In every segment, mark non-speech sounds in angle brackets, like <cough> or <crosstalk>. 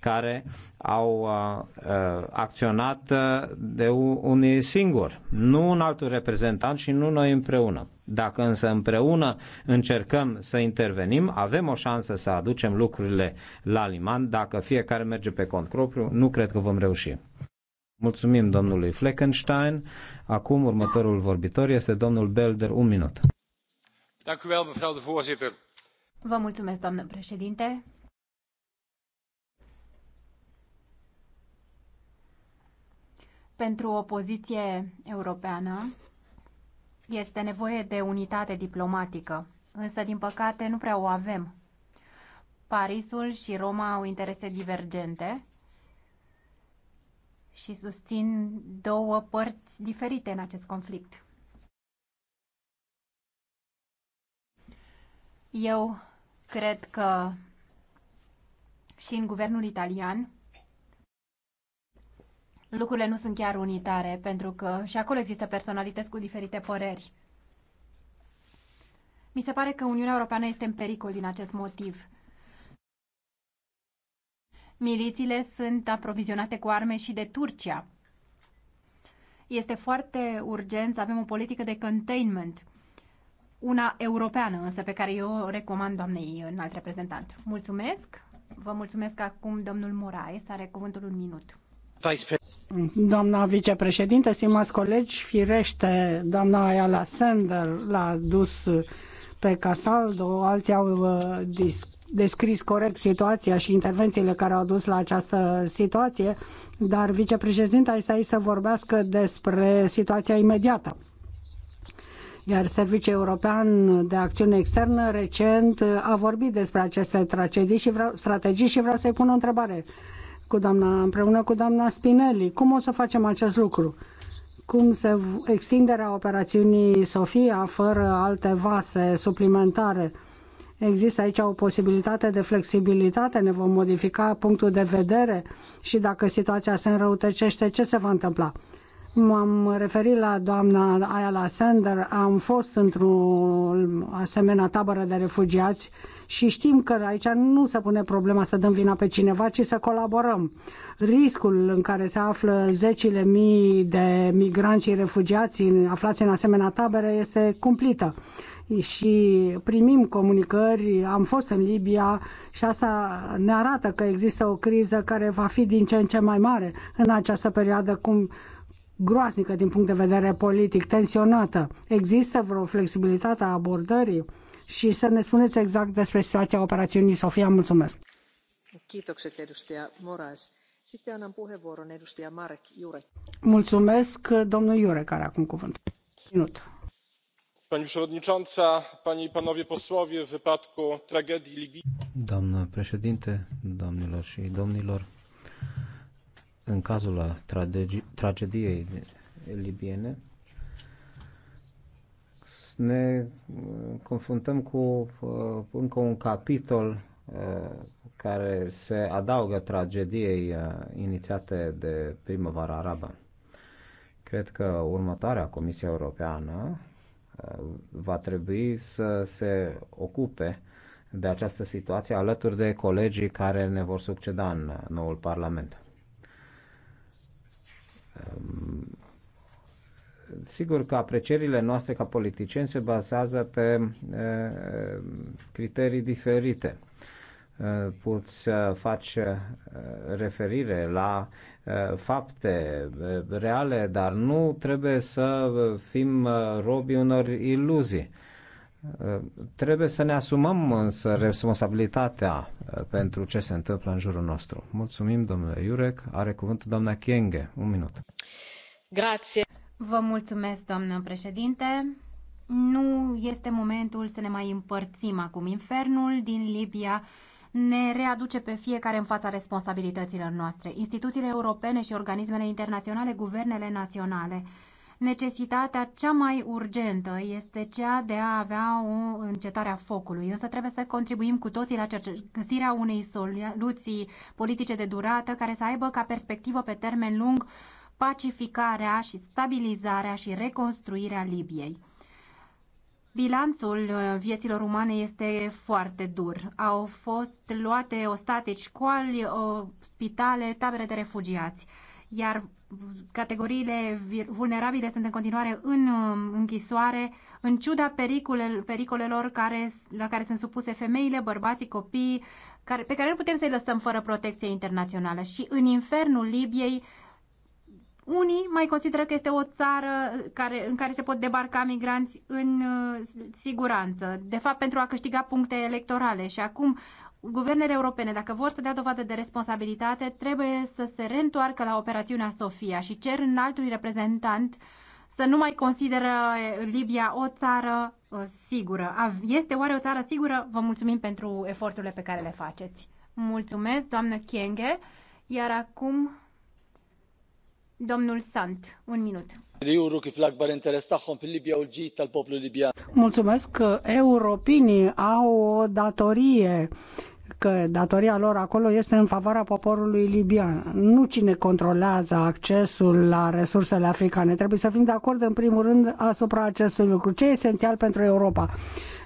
care au uh, uh acționat uh, de unii singuri, nu un altul reprezentant și nu noi împreună. Dacă însă împreună încercăm să intervenim, avem o șansă să aducem lucrurile la liman. Dacă fiecare merge pe cont propriu, nu cred că vom reuși. Mulțumim domnului Fleckenstein. Acum următorul vorbitor este domnul Belder, un minut. Vă mulțumesc, doamnă președinte. pentru o poziție europeană este nevoie de unitate diplomatică, însă din păcate nu prea o avem. Parisul și Roma au interese divergente și susțin două părți diferite în acest conflict. Eu cred că și în guvernul italian lucrurile nu sunt chiar unitare, pentru că și acolo există personalități cu diferite păreri. Mi se pare că Uniunea Europeană este în pericol din acest motiv. Milițiile sunt aprovizionate cu arme și de Turcia. Este foarte urgent să avem o politică de containment, una europeană, însă pe care eu o recomand doamnei înalt reprezentant. Mulțumesc! Vă mulțumesc acum domnul Moraes, are cuvântul un minut. Doamna Vicepreședintă, stimați colegi, firește, doamna Ayala Sender l-a dus pe Casaldo, alții au uh, descris corect situația și intervențiile care au dus la această situație, dar vicepreședinta este aici să vorbească despre situația imediată iar Serviciul European de Acțiune Externă recent a vorbit despre aceste tragedii și vreau, strategii și vreau să-i pun o întrebare cu doamna, împreună cu doamna Spinelli. Cum o să facem acest lucru? Cum se extinderea operațiunii Sofia fără alte vase suplimentare? Există aici o posibilitate de flexibilitate, ne vom modifica punctul de vedere și dacă situația se înrăutăcește, ce se va întâmpla? M-am referit la doamna Ayala Sander, am fost într-o asemenea tabără de refugiați și știm că aici nu se pune problema să dăm vina pe cineva, ci să colaborăm. Riscul în care se află zecile mii de migranți și refugiați aflați în asemenea tabere este cumplită și primim comunicări, am fost în Libia și asta ne arată că există o criză care va fi din ce în ce mai mare în această perioadă, cum groaznică din punct de vedere politic, tensionată. Există vreo flexibilitate a abordării? Și să ne spuneți exact despre situația operațiunii Sofia. Mulțumesc! Mulțumesc, domnul Jurek are acum cuvânt. Minut. Pani przewodnicząca, panie i panowie posłowie, w wypadku tragedii Libii. Doamnă președinte, doamnelor și domnilor, în cazul tragediei libiene, ne uh, confruntăm cu uh, încă un capitol uh, care se adaugă tragediei inițiate de primăvara arabă. Cred că următoarea Comisie Europeană va trebui să se ocupe de această situație alături de colegii care ne vor succeda în noul Parlament. Ehm, sigur că aprecierile noastre ca politicieni se bazează pe ehm, criterii diferite ehm, poți face referire la fapte reale, dar nu trebuie să fim robi unor iluzii. Trebuie să ne asumăm însă responsabilitatea uh, pentru ce se întâmplă în jurul nostru. Mulțumim, domnule Iurec. Are cuvântul doamna Chienghe. Un minut. Grație. Vă mulțumesc, doamnă președinte. Nu este momentul să ne mai împărțim acum. Infernul din Libia ne readuce pe fiecare în fața responsabilităților noastre. Instituțiile europene și organismele internaționale, guvernele naționale necesitatea cea mai urgentă este cea de a avea o încetare a focului, însă trebuie să contribuim cu toții la găsirea unei soluții politice de durată care să aibă ca perspectivă pe termen lung pacificarea și stabilizarea și reconstruirea Libiei. Bilanțul uh, vieților umane este foarte dur. Au fost luate ostate școli, uh, spitale, tabere de refugiați. Iar categoriile vulnerabile sunt în continuare în um, închisoare, în ciuda pericolelor care, la care sunt supuse femeile, bărbații, copiii, care, pe care nu putem să-i lăsăm fără protecție internațională. Și în infernul Libiei, unii mai consideră că este o țară care, în care se pot debarca migranți în uh, siguranță, de fapt pentru a câștiga puncte electorale. Și acum Guvernele europene, dacă vor să dea dovadă de responsabilitate, trebuie să se reîntoarcă la operațiunea Sofia și cer altul reprezentant să nu mai consideră eh, Libia o țară eh, sigură. Este oare o țară sigură? Vă mulțumim pentru eforturile pe care le faceți. Mulțumesc, doamnă Kienge. Iar acum, domnul Sant, un minut. Mulțumesc că europinii au o datorie că datoria lor acolo este în favoarea poporului libian. Nu cine controlează accesul la resursele africane. Trebuie să fim de acord, în primul rând, asupra acestui lucru. Ce e esențial pentru Europa?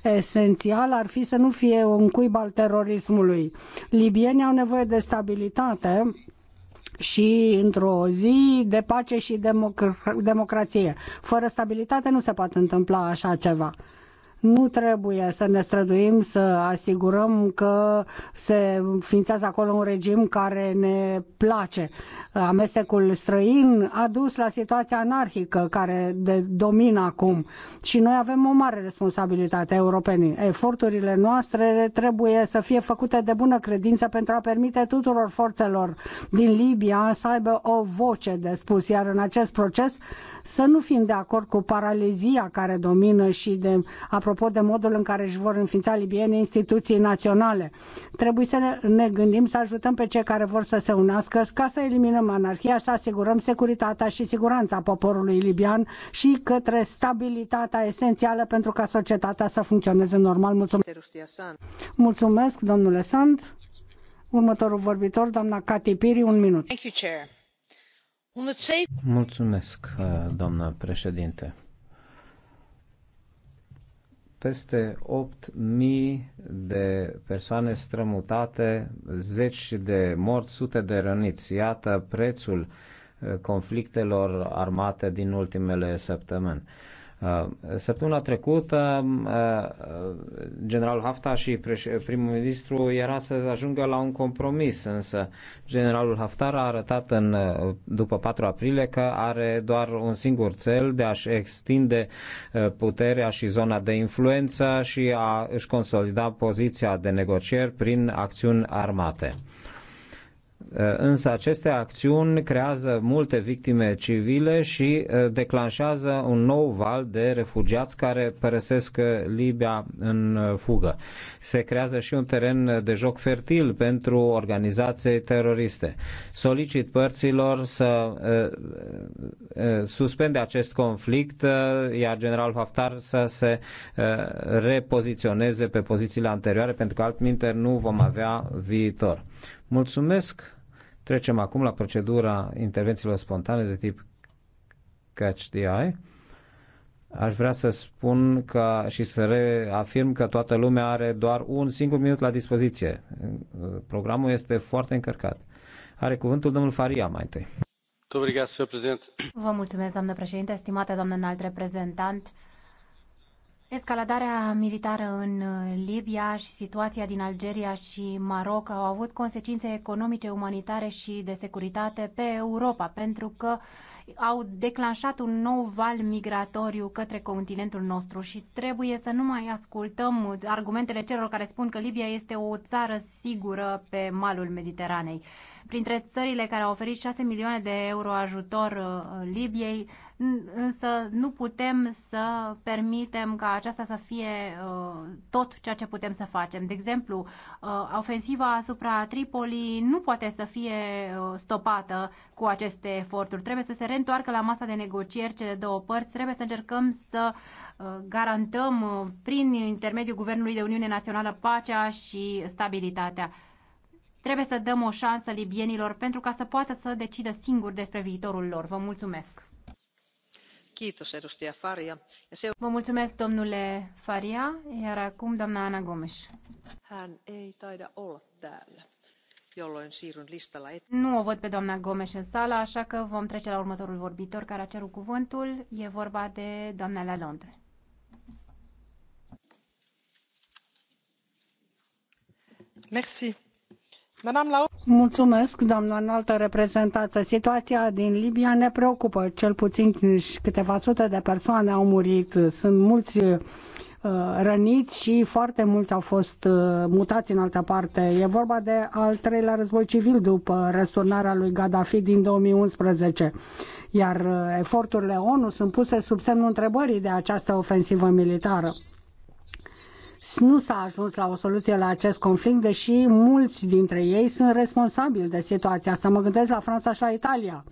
Esențial ar fi să nu fie un cuib al terorismului. Libienii au nevoie de stabilitate, și într-o zi de pace și democrație. Fără stabilitate nu se poate întâmpla așa ceva. Nu trebuie să ne străduim să asigurăm că se ființează acolo un regim care ne place. Amestecul străin a dus la situația anarhică care de domină acum și noi avem o mare responsabilitate europenii. Eforturile noastre trebuie să fie făcute de bună credință pentru a permite tuturor forțelor din Libia să aibă o voce de spus, iar în acest proces să nu fim de acord cu paralizia care domină și de, apropo de modul în care își vor înființa libiene instituții naționale. Trebuie să ne gândim să ajutăm pe cei care vor să se unească ca să eliminăm anarhia, să asigurăm securitatea și siguranța poporului libian și către stabilitatea esențială pentru ca societatea să funcționeze normal. Mulțumesc, Mulțumesc domnule Sand. Următorul vorbitor, doamna Cati Piri, un minut. Thank you, Chair Mulțumesc, uh, doamnă președinte. Peste 8.000 de persoane strămutate, zeci de morți, sute de răniți. Iată prețul uh, conflictelor armate din ultimele săptămâni Uh, săptămâna trecută, uh, general Haftar și primul ministru era să ajungă la un compromis, însă generalul Haftar a arătat în, uh, după 4 aprilie că are doar un singur cel de a-și extinde puterea și zona de influență și a și consolida poziția de negocieri prin acțiuni armate. Uh, însă aceste acțiuni creează multe victime civile și uh, declanșează un nou val de refugiați care părăsesc uh, Libia în fugă. Se creează și un teren de joc fertil pentru organizații teroriste. Solicit părților să suspende acest conflict, iar general Haftar să se repoziționeze pe pozițiile anterioare, pentru că altminte nu vom avea viitor. Mulțumesc! Trecem acum la procedura intervențiilor spontane de tip Catch the Eye. Aș vrea să spun că, și să reafirm că toată lumea are doar un singur minut la dispoziție. Programul este foarte încărcat. Are cuvântul domnul Faria mai întâi. Vă mulțumesc, doamnă președinte, stimată doamnă înalt reprezentant. Escaladarea militară în uh, Libia și situația din Algeria și Maroc au avut consecințe economice, umanitare și de securitate pe Europa, pentru că au declanșat un nou val migratoriu către continentul nostru și trebuie să nu mai ascultăm argumentele celor care spun că Libia este o țară sigură pe malul Mediteranei. Printre țările care au oferit 6 milioane de euro ajutor uh, Libiei, însă nu putem să permitem ca aceasta să fie uh, tot ceea ce putem să facem. De exemplu, uh, ofensiva asupra Tripoli nu poate să fie uh, stopată cu aceste eforturi. Trebuie să se reîntoarcă la masa de negocieri cele două părți, trebuie să încercăm să uh, garantăm uh, prin intermediul Guvernului de Uniune Națională pacea și stabilitatea. Trebuie să dăm o șansă libienilor pentru ca să poată să decidă singuri despre viitorul lor. Vă mulțumesc! Vă mulțumesc, domnule Faria, iar acum doamna Ana Gomes. Nu o văd pe doamna Gomes în sală, așa că vom trece la următorul vorbitor care a cerut cuvântul. E vorba de doamna Lalonde. Merci. Mulțumesc, doamna înaltă reprezentanță. Situația din Libia ne preocupă. Cel puțin câteva sute de persoane au murit. Sunt mulți uh, răniți și foarte mulți au fost uh, mutați în altă parte. E vorba de al treilea război civil după răsturnarea lui Gaddafi din 2011. Iar uh, eforturile ONU sunt puse sub semnul întrebării de această ofensivă militară. Nu s-a ajuns la o soluție la acest conflict, deși mulți dintre ei sunt responsabili de situația asta. Mă gândesc la Franța și la Italia.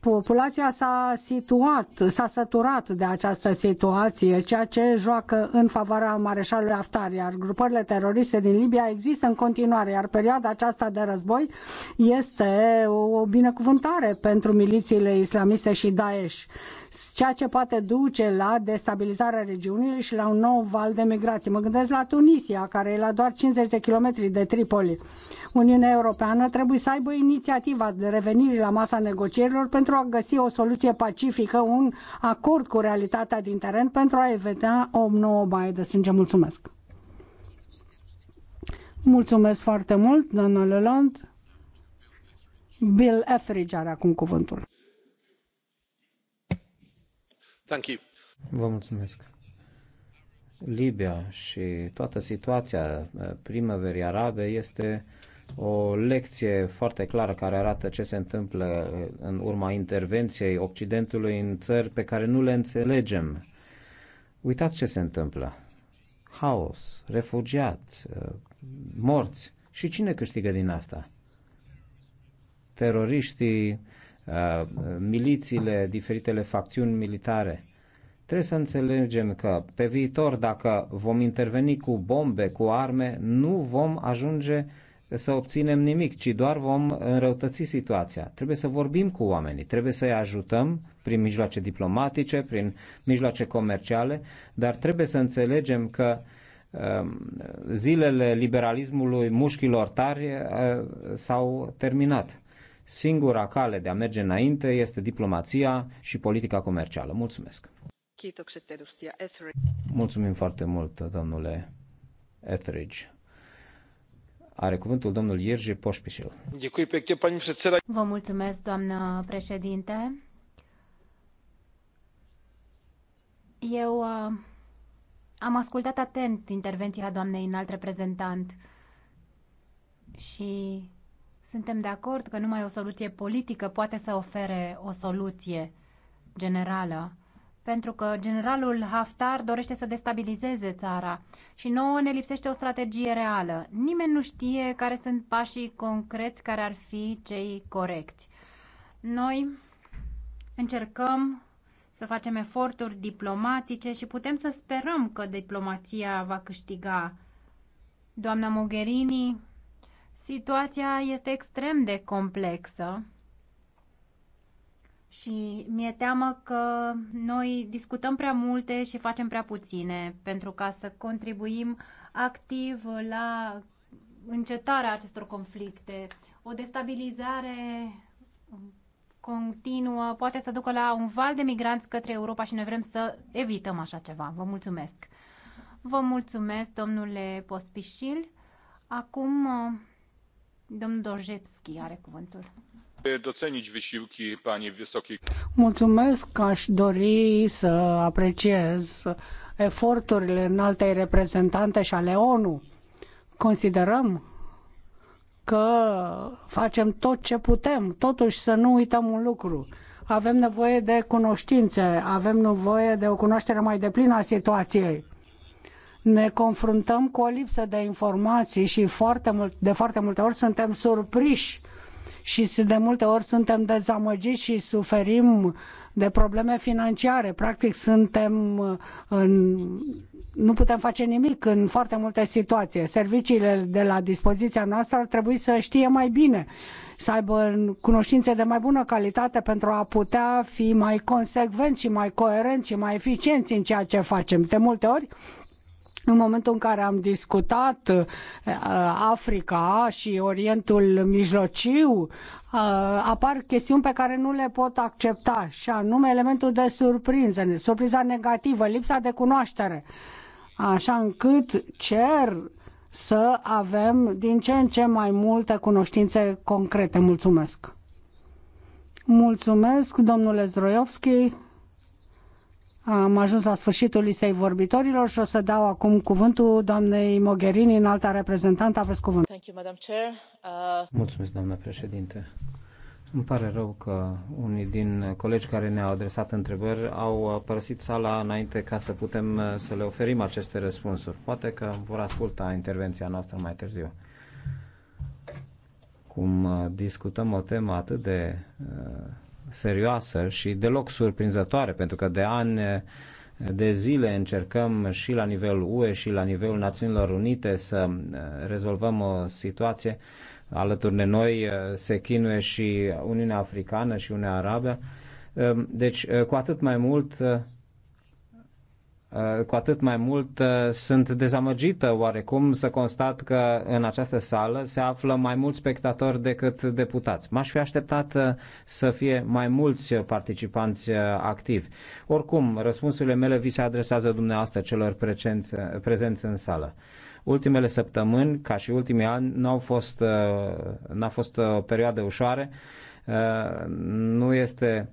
Populația s-a situat, s-a săturat de această situație, ceea ce joacă în favoarea mareșalului Haftar, iar grupările teroriste din Libia există în continuare, iar perioada aceasta de război este o binecuvântare pentru milițiile islamiste și Daesh ceea ce poate duce la destabilizarea regiunii și la un nou val de migrație. Mă gândesc la Tunisia, care e la doar 50 de kilometri de Tripoli. Uniunea Europeană trebuie să aibă inițiativa de revenire la masa negocierilor pentru a găsi o soluție pacifică, un acord cu realitatea din teren pentru a evita o nouă baie de sânge. Mulțumesc! Mulțumesc foarte mult, doamna Leland. Bill Etheridge are acum cuvântul. Vă mulțumesc. Libia și toată situația eh, primăverii arabe este o lecție foarte clară care arată ce se întâmplă eh, în urma intervenției Occidentului în țări pe care nu le înțelegem. Uitați ce se întâmplă. Haos, refugiați, eh, morți. Și cine câștigă din asta? Teroriștii Uh, milițiile, diferitele facțiuni militare. Trebuie să înțelegem că pe viitor, dacă vom interveni cu bombe, cu arme, nu vom ajunge să obținem nimic, ci doar vom înrăutăți situația. Trebuie să vorbim cu oamenii, trebuie să-i ajutăm prin mijloace diplomatice, prin mijloace comerciale, dar trebuie să înțelegem că um, zilele liberalismului mușchilor tari uh, s-au terminat. Singura cale de a merge înainte este diplomația și politica comercială. Mulțumesc! Mulțumim foarte mult, domnule Etheridge. Are cuvântul domnul Ierge Poșpișel. Vă mulțumesc, doamnă președinte. Eu uh, am ascultat atent intervenția doamnei înalt reprezentant și suntem de acord că numai o soluție politică poate să ofere o soluție generală, pentru că generalul Haftar dorește să destabilizeze țara și nouă ne lipsește o strategie reală. Nimeni nu știe care sunt pașii concreți care ar fi cei corecți. Noi încercăm să facem eforturi diplomatice și putem să sperăm că diplomația va câștiga. Doamna Mogherini Situația este extrem de complexă și mi-e teamă că noi discutăm prea multe și facem prea puține pentru ca să contribuim activ la încetarea acestor conflicte. O destabilizare continuă poate să ducă la un val de migranți către Europa și noi vrem să evităm așa ceva. Vă mulțumesc! Vă mulțumesc, domnule Pospișil. Acum are Mulțumesc, aș dori să apreciez eforturile înaltei reprezentante și ale ONU. Considerăm că facem tot ce putem, totuși să nu uităm un lucru. Avem nevoie de cunoștințe, avem nevoie de o cunoaștere mai deplină a situației ne confruntăm cu o lipsă de informații și foarte mult, de foarte multe ori suntem surpriși și de multe ori suntem dezamăgiți și suferim de probleme financiare. Practic suntem uh, în, nu putem face nimic în foarte multe situații. Serviciile de la dispoziția noastră ar trebui să știe mai bine, să aibă cunoștințe de mai bună calitate pentru a putea fi mai consecvenți și mai coerenți și mai eficienți în ceea ce facem. De multe ori în momentul în care am discutat uh, Africa și Orientul Mijlociu, uh, apar chestiuni pe care nu le pot accepta, și anume elementul de surprinză, surpriza negativă, lipsa de cunoaștere. Așa încât cer să avem din ce în ce mai multe cunoștințe concrete. Mulțumesc! Mulțumesc, domnule Zdroiovski. Am ajuns la sfârșitul listei vorbitorilor și o să dau acum cuvântul doamnei Mogherini, în alta reprezentantă. Aveți cuvânt. Uh, Mulțumesc, doamna președinte. Îmi pare rău că unii din colegi care ne-au adresat întrebări au părăsit sala înainte ca să putem uh, să le oferim aceste răspunsuri. Poate că vor asculta intervenția noastră mai târziu. Cum uh, discutăm o temă atât de serioasă și deloc surprinzătoare, pentru că de ani de zile încercăm și la nivelul UE și la nivelul Națiunilor Unite să uh, rezolvăm o situație. Alături de noi uh, se chinuie și Uniunea Africană și Uniunea Arabă. Uh, deci, cu atât mai mult Uh, cu atât mai mult uh, sunt dezamăgită oarecum să constat că în această sală se află mai mulți spectatori decât deputați. M-aș fi așteptat uh, să fie mai mulți participanți activi. Oricum, răspunsurile mele vi se adresează dumneavoastră celor prezenți în sală ultimele săptămâni, ca și ultimii ani, n-au fost, n-a fost o perioadă ușoare. Nu este,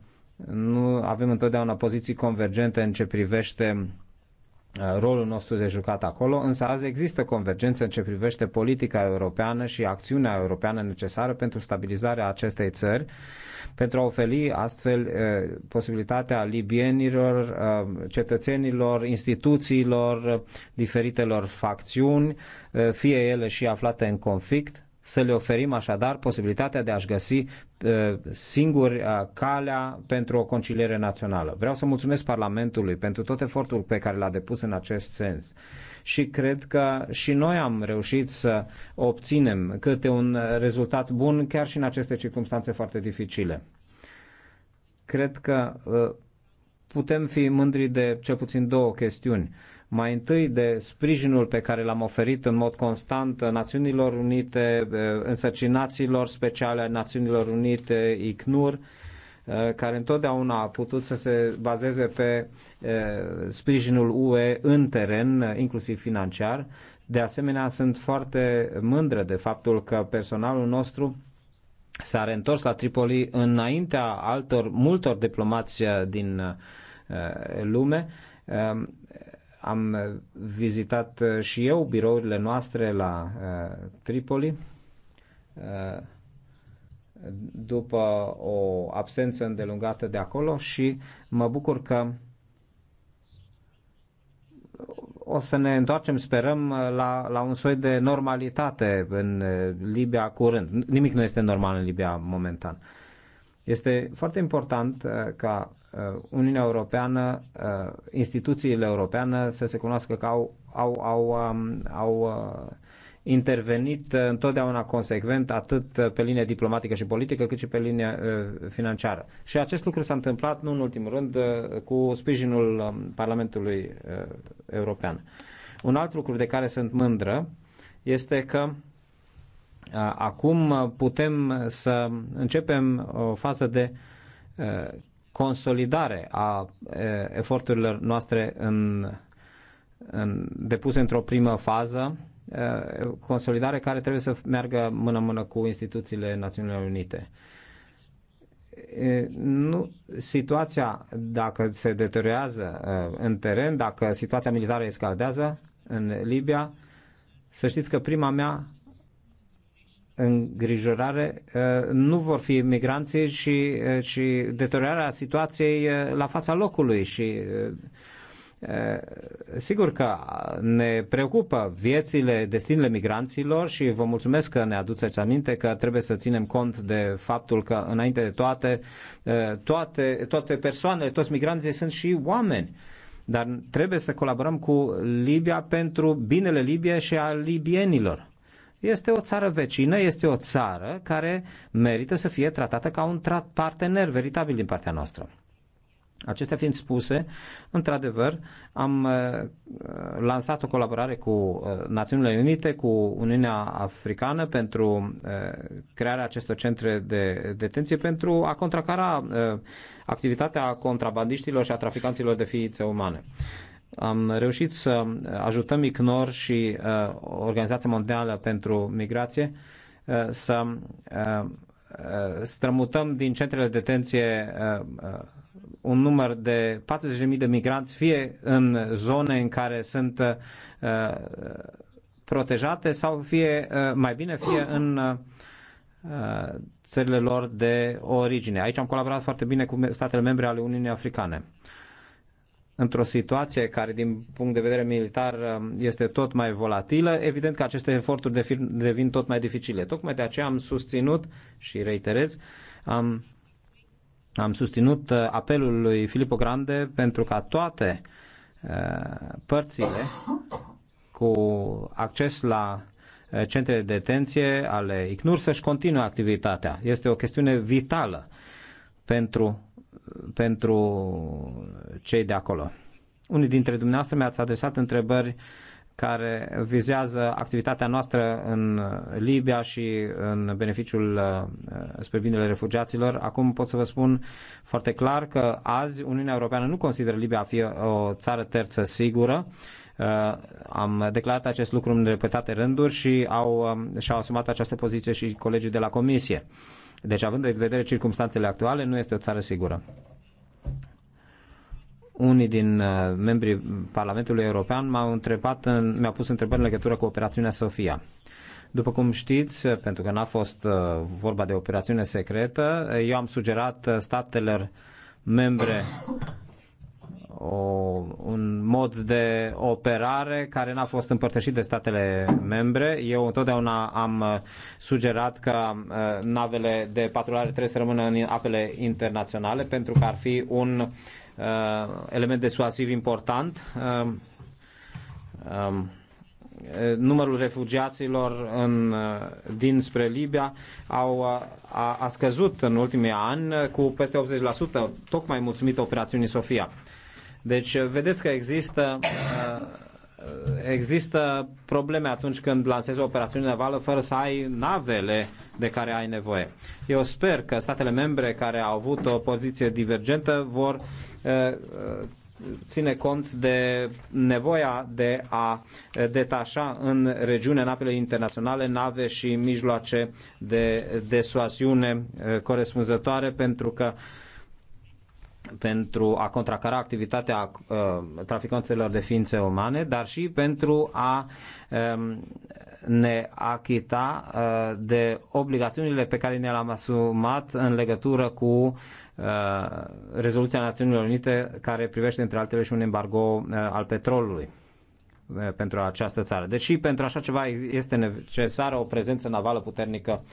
nu avem întotdeauna poziții convergente în ce privește Uh, rolul nostru de jucat acolo, însă azi există convergență în ce privește politica europeană și acțiunea europeană necesară pentru stabilizarea acestei țări, pentru a oferi astfel uh, posibilitatea libienilor, uh, cetățenilor, instituțiilor, diferitelor facțiuni, fie ele și aflate în conflict, să le oferim așadar posibilitatea de a-și găsi uh, singuri uh, calea pentru o conciliere națională. Vreau să mulțumesc Parlamentului pentru tot efortul pe care l-a depus în acest sens și cred că și noi am reușit să obținem câte un rezultat bun chiar și în aceste circunstanțe foarte dificile. Cred că uh, putem fi mândri de cel puțin două chestiuni mai întâi de sprijinul pe care l-am oferit în mod constant Națiunilor Unite, însărcinaților speciale a Națiunilor Unite, ICNUR, eh, care întotdeauna a putut să se bazeze pe eh, sprijinul UE în teren, eh, inclusiv financiar. De asemenea, sunt foarte mândră de faptul că personalul nostru s-a reîntors la Tripoli înaintea altor, multor diplomați din lume am vizitat uh, și eu birourile noastre la uh, Tripoli uh, după o absență îndelungată de acolo și mă bucur că o să ne întoarcem, sperăm, la, la un soi de normalitate în Libia curând. Nimic nu este normal în Libia momentan. Este foarte important ca Uh, Uniunea Europeană, uh, instituțiile europeană să se cunoască că au, au, au, um, au uh, intervenit întotdeauna consecvent, atât pe linie diplomatică și politică, cât și pe linie financiară. Și acest lucru s-a întâmplat, nu în ultimul rând, cu sprijinul um, Parlamentului European. Un alt lucru de care sunt mândră este că acum putem să începem o fază de consolidare a eforturilor noastre în, în, depuse într-o primă fază, consolidare care trebuie să meargă mână-mână cu instituțiile Națiunilor Unite. Nu, situația, dacă se deteriorează în teren, dacă situația militară escaldează în Libia, să știți că prima mea îngrijorare uh, nu vor fi migranții, ci, ci uh, deteriorarea situației uh, la fața locului și Sigur că ne preocupă viețile, destinele migranților și vă mulțumesc că ne aduceți aminte că trebuie să ținem cont de faptul că înainte de toate, toate, toate persoanele, toți migranții sunt și oameni. Dar trebuie să colaborăm cu Libia pentru binele Libiei și a libienilor. Este o țară vecină, este o țară care merită să fie tratată ca un partener veritabil din partea noastră. Acestea fiind spuse, într-adevăr, am uh, lansat o colaborare cu uh, Națiunile Unite, cu Uniunea Africană pentru uh, crearea acestor centre de detenție pentru a contracara activitatea contrabandiștilor și a traficanților de ființe umane am reușit să ajutăm ICNOR și uh, Organizația Mondială pentru Migrație uh, să uh, strămutăm din centrele de detenție un număr de 40.000 de migranți, fie în zone în care sunt protejate sau fie mai bine, fie în țările lor de origine. Aici am colaborat foarte bine cu statele membre ale Uniunii Africane într-o situație care, din punct de vedere militar, um, este tot mai volatilă, evident că aceste eforturi devin tot mai dificile. Tocmai de aceea am susținut și reiterez, am, am susținut uh, apelul lui Filippo Grande pentru ca toate uh, părțile cu acces la uh, centre de detenție ale ICNUR să-și continue activitatea. Este o chestiune vitală pentru pentru cei de acolo. Unii dintre dumneavoastră mi-ați adresat întrebări care vizează activitatea noastră în Libia și în beneficiul uh, spre binele refugiaților. Acum pot să vă spun foarte clar că azi Uniunea Europeană nu consideră Libia a fi o țară terță sigură. Uh, am declarat acest lucru în repetate rânduri și au, um, și-au asumat această poziție și colegii de la Comisie. Deci, având în vedere circumstanțele actuale, nu este o țară sigură. Unii din uh, membrii Parlamentului European m-au întrebat, mi-au pus întrebări în legătură cu operațiunea Sofia. După cum știți, uh, pentru că n-a fost uh, vorba de operațiune secretă, uh, eu am sugerat uh, statelor membre o, un mod de operare care n-a fost împărtășit de statele membre. Eu întotdeauna am uh, sugerat că uh, navele de patrulare trebuie să rămână în apele internaționale pentru că ar fi un uh, element desuasiv important. Uh, uh, numărul refugiaților în, uh, dinspre Libia au, a, a scăzut în ultimii ani cu peste 80%, tocmai mulțumită operațiunii Sofia. Deci uh, vedeți că există, uh, există probleme atunci când lansezi o operațiune navală fără să ai navele de care ai nevoie. Eu sper că statele membre care au avut o poziție divergentă vor uh, ține cont de nevoia de a detașa în regiune în apele internaționale nave și mijloace de desuasiune corespunzătoare pentru că uh, pentru a contracara activitatea uh, traficanților de ființe umane, dar și pentru a um, ne achita uh, de obligațiunile pe care ne le-am asumat în legătură cu uh, rezoluția Națiunilor Unite care privește între altele și un embargo al petrolului pentru această țară. Deci și pentru așa ceva este necesară o prezență navală puternică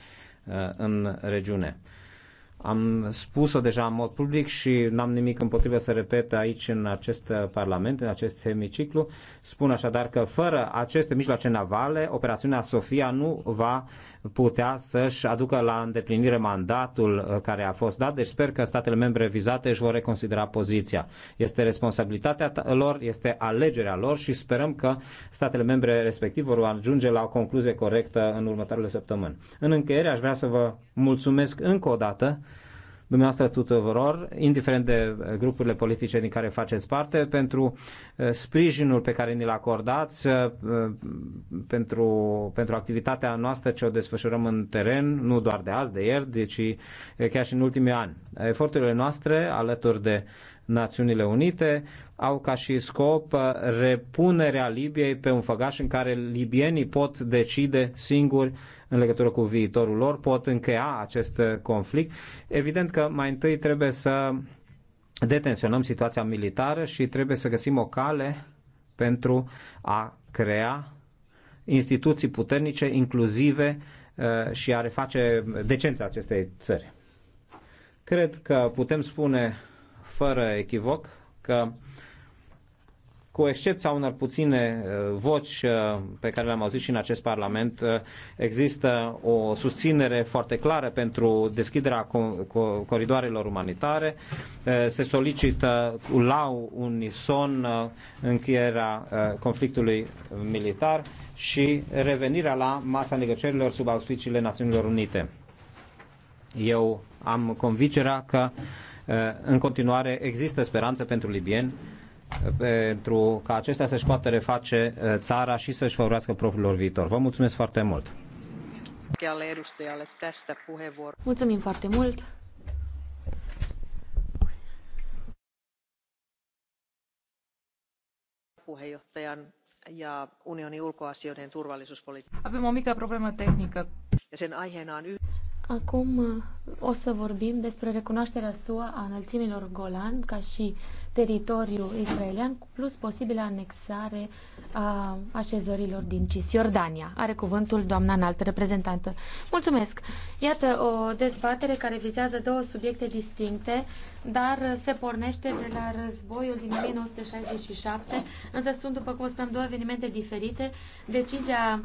în regiune. Am spus-o deja în mod public și n-am nimic împotrivă să repet aici în acest parlament, în acest hemiciclu. Spun așadar că fără aceste mijloace navale, operațiunea Sofia nu va putea să-și aducă la îndeplinire mandatul uh, care a fost dat, deci sper că statele membre vizate își vor reconsidera poziția. Este responsabilitatea lor, este alegerea lor și sperăm că statele membre respectiv vor ajunge la o concluzie corectă în următoarele săptămâni. În încheiere aș vrea să vă mulțumesc încă o dată dumneavoastră tuturor, indiferent de eh, grupurile politice din care faceți parte, pentru eh, sprijinul pe care ni-l acordați, eh, pentru, pentru activitatea noastră ce o desfășurăm în teren, nu doar de azi, de ieri, deci chiar și în ultimii ani. Eforturile noastre, alături de Națiunile Unite au ca și scop repunerea Libiei pe un făgaș în care libienii pot decide singuri în legătură cu viitorul lor, pot încheia acest conflict. Evident că mai întâi trebuie să detensionăm situația militară și trebuie să găsim o cale pentru a crea instituții puternice, inclusive uh, și a reface decența acestei țări. Cred că putem spune fără echivoc că cu excepția unor puține uh, voci uh, pe care le-am auzit și în acest Parlament, uh, există o susținere foarte clară pentru deschiderea coridoarelor umanitare. Se solicită la unison încheierea conflictului militar și revenirea la masa negocierilor sub auspiciile Națiunilor Unite. Eu am convingerea că în continuare există speranță pentru libieni pentru ca acestea să-și poată reface eh, țara și să-și favorească propriul lor viitor. Vă mulțumesc foarte mult! Mulțumim foarte mult! puheenjohtajan ja unionin ulkoasioiden turvallisuuspolitiikan. Avem o mică problemă tehnică. Ja sen aiheena on Acum uh, o să vorbim despre recunoașterea SUA a înălțimilor Golan ca și teritoriu israelian, plus posibilă anexare a așezărilor din Cisjordania. Are cuvântul doamna înaltă reprezentantă. Mulțumesc! Iată o dezbatere care vizează două subiecte distincte, dar se pornește de la războiul din 1967, însă sunt, după cum spuneam, două evenimente diferite. Decizia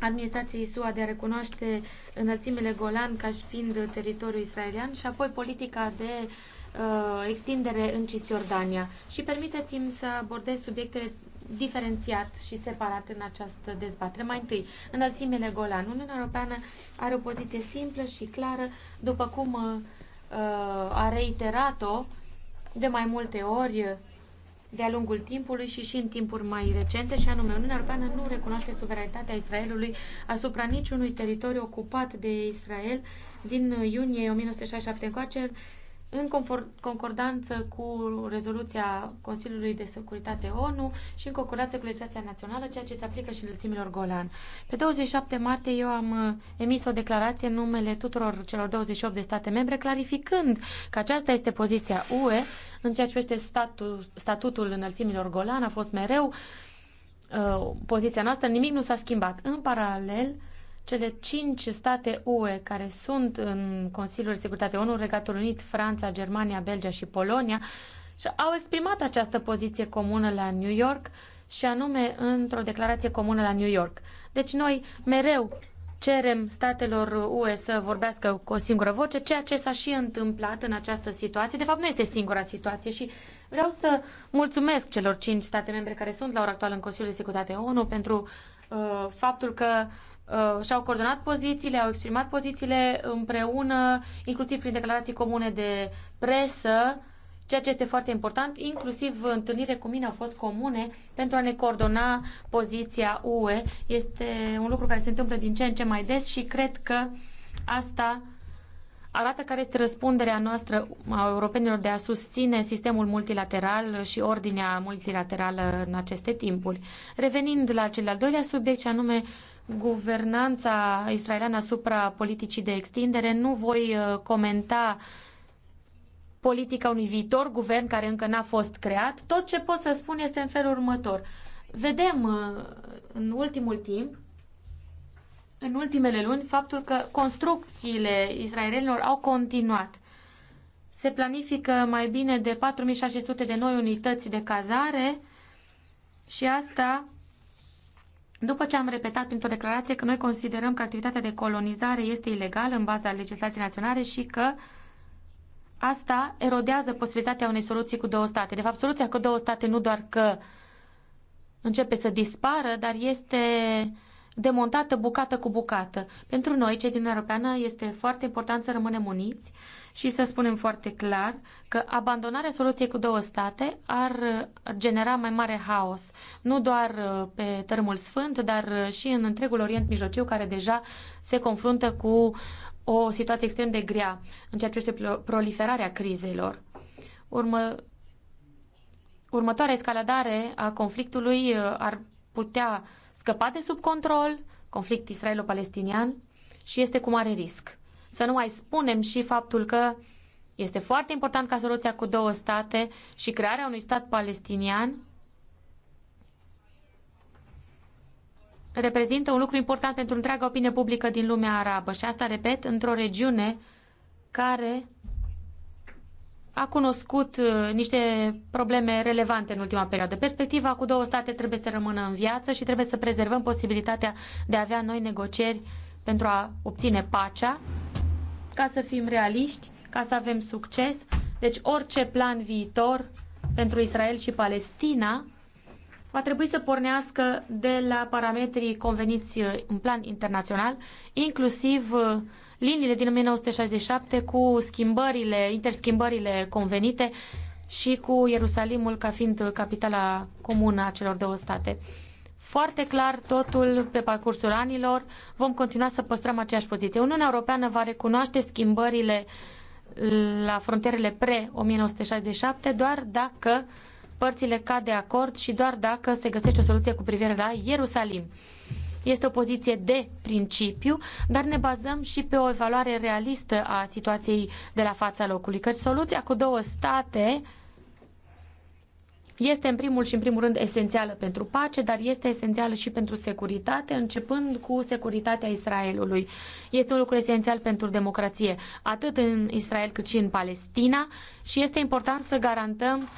administrației SUA de a recunoaște înălțimile Golan ca fiind teritoriul israelian și apoi politica de uh, extindere în Cisjordania. Și permiteți-mi să abordez subiectele diferențiat și separat în această dezbatere. Mai întâi, înălțimile Golan. Uniunea Europeană are o poziție simplă și clară, după cum uh, a reiterat-o de mai multe ori de-a lungul timpului și și în timpuri mai recente, și anume Uniunea Europeană nu recunoaște suveranitatea Israelului asupra niciunui teritoriu ocupat de Israel din iunie 1967 încoace, în concordanță cu rezoluția Consiliului de Securitate ONU și în concordanță cu legislația națională, ceea ce se aplică și înălțimilor Golan. Pe 27 martie eu am uh, emis o declarație în numele tuturor celor 28 de state membre, clarificând că aceasta este poziția UE, în ceea ce privește statul, statutul înălțimilor Golan a fost mereu uh, poziția noastră, nimic nu s-a schimbat. În paralel, cele cinci state UE care sunt în Consiliul de Securitate ONU, Regatul Unit, Franța, Germania, Belgia și Polonia, și au exprimat această poziție comună la New York și anume într-o declarație comună la New York. Deci noi mereu cerem statelor UE să vorbească cu o singură voce, ceea ce s-a și întâmplat în această situație. De fapt, nu este singura situație și vreau să mulțumesc celor cinci state membre care sunt la ora actuală în Consiliul de Securitate ONU pentru uh, faptul că uh, și-au coordonat pozițiile, au exprimat pozițiile împreună, inclusiv prin declarații comune de presă, uh, ceea ce este foarte important, inclusiv întâlnire cu mine au fost comune pentru a ne coordona poziția UE. Este un lucru care se întâmplă din ce în ce mai des și cred că asta arată care este răspunderea noastră a europenilor de a susține sistemul multilateral și ordinea multilaterală în aceste timpuri. Revenind la cel al doilea subiect, și anume guvernanța israeliană asupra politicii de extindere, nu voi uh, comenta politica unui viitor guvern care încă n-a fost creat, tot ce pot să spun este în felul următor. Vedem uh, în ultimul timp, în ultimele luni, faptul că construcțiile israelienilor au continuat. Se planifică mai bine de 4600 de noi unități de cazare și asta după ce am repetat într-o declarație că noi considerăm că activitatea de colonizare este ilegală în baza legislației naționale și că uh, asta erodează posibilitatea unei soluții cu două state. De fapt, soluția cu două state nu doar că începe să dispară, dar este demontată bucată cu bucată. Pentru noi, cei din Europeană, este foarte important să rămânem uniți și să spunem foarte clar că abandonarea soluției cu două state ar genera mai mare haos, nu doar uh, pe Tărâmul Sfânt, dar uh, și în întregul Orient Mijlociu, care deja se confruntă cu o situație extrem de grea în ceea ce privește proliferarea crizelor. Urmă, următoarea escaladare a conflictului uh, ar putea scăpa de sub control, conflict israelo-palestinian, și este cu mare risc. Să nu mai spunem și faptul că este foarte important ca soluția cu două state și crearea unui stat palestinian reprezintă un lucru important pentru întreaga opinie publică din lumea arabă și asta, repet, într-o regiune care a cunoscut uh, niște probleme relevante în ultima perioadă. Perspectiva cu două state trebuie să rămână în viață și trebuie să prezervăm posibilitatea de a avea noi negocieri pentru a obține pacea, ca să fim realiști, ca să avem succes. Deci orice plan viitor pentru Israel și Palestina va trebui să pornească de la parametrii conveniți în plan internațional, inclusiv uh, liniile din 1967 cu schimbările, interschimbările convenite și cu Ierusalimul ca fiind capitala comună a celor două state. Foarte clar, totul pe parcursul anilor, vom continua să păstrăm aceeași poziție. Uniunea Europeană va recunoaște schimbările la frontierele pre-1967 doar dacă părțile cad de acord și doar dacă se găsește o soluție cu privire la Ierusalim. Este o poziție de principiu, dar ne bazăm și pe o evaluare realistă a situației de la fața locului, căci soluția cu două state este în primul și în primul rând esențială pentru pace, dar este esențială și pentru securitate, începând cu securitatea Israelului. Este un lucru esențial pentru democrație, atât în Israel cât și în Palestina și este important să garantăm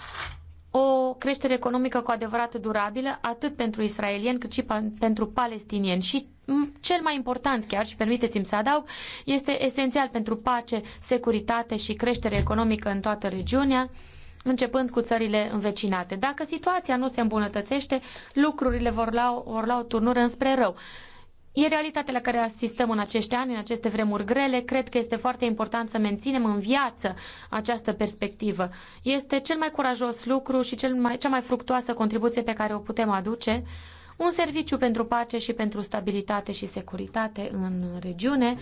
o creștere economică cu adevărat durabilă, atât pentru israelieni cât și pentru palestinieni. Și cel mai important chiar, și permiteți-mi să adaug, este esențial pentru pace, securitate și creștere economică în toată regiunea, începând cu țările învecinate. Dacă situația nu se îmbunătățește, lucrurile vor lua, vor lua o turnură înspre rău. E realitatea la care asistăm în acești ani, în aceste vremuri grele. Cred că este foarte important să menținem în viață această perspectivă. Este cel mai curajos lucru și cel mai, cea mai fructuoasă contribuție pe care o putem aduce. Un serviciu pentru pace și pentru stabilitate și securitate în regiune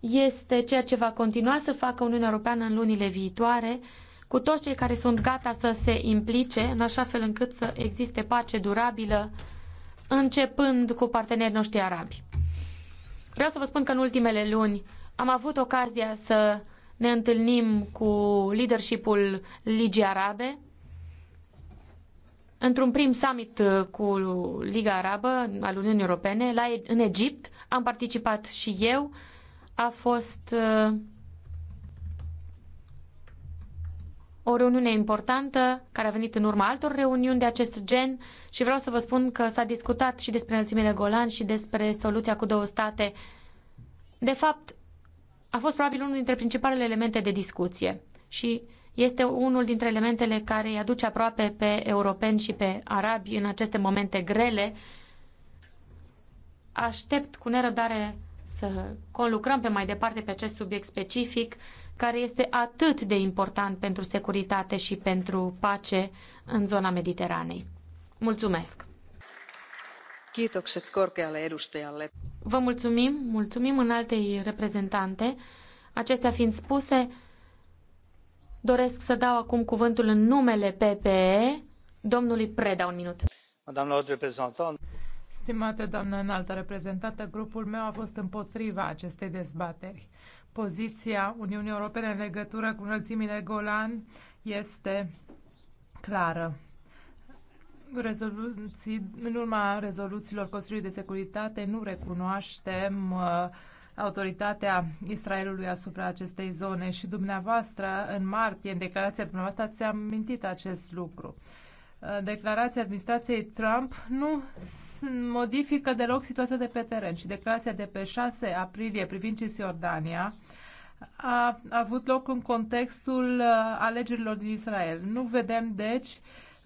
este ceea ce va continua să facă Uniunea Europeană în lunile viitoare cu toți cei care sunt gata să se implice în așa fel încât să existe pace durabilă începând cu partenerii noștri arabi. Vreau să vă spun că în ultimele luni am avut ocazia să ne întâlnim cu leadershipul Ligii Arabe într-un prim summit uh, cu Liga Arabă al Uniunii Europene la, în Egipt. Am participat și eu. A fost uh, o reuniune importantă care a venit în urma altor reuniuni de acest gen și vreau să vă spun că s-a discutat și despre înălțimile Golan și despre soluția cu două state. De fapt, a fost probabil unul dintre principalele elemente de discuție și este unul dintre elementele care îi aduce aproape pe europeni și pe arabi în aceste momente grele. Aștept cu nerăbdare să conlucrăm pe mai departe pe acest subiect specific care este atât de important pentru securitate și pentru pace în zona Mediteranei. Mulțumesc! Vă mulțumim, mulțumim în altei reprezentante. Acestea fiind spuse, doresc să dau acum cuvântul în numele PPE domnului Preda, un minut. reprezentant. Stimată doamnă înaltă reprezentantă, grupul meu a fost împotriva acestei dezbateri Poziția Uniunii Europene în legătură cu înălțimile Golan este clară. Rezoluții, în urma rezoluțiilor Consiliului de Securitate nu recunoaștem uh, autoritatea Israelului asupra acestei zone și dumneavoastră în martie, în declarația dumneavoastră, ați amintit acest lucru. Uh, declarația administrației Trump nu modifică deloc situația de pe teren și declarația de pe 6 aprilie privind Cisjordania a avut loc în contextul uh, alegerilor din Israel. Nu vedem, deci,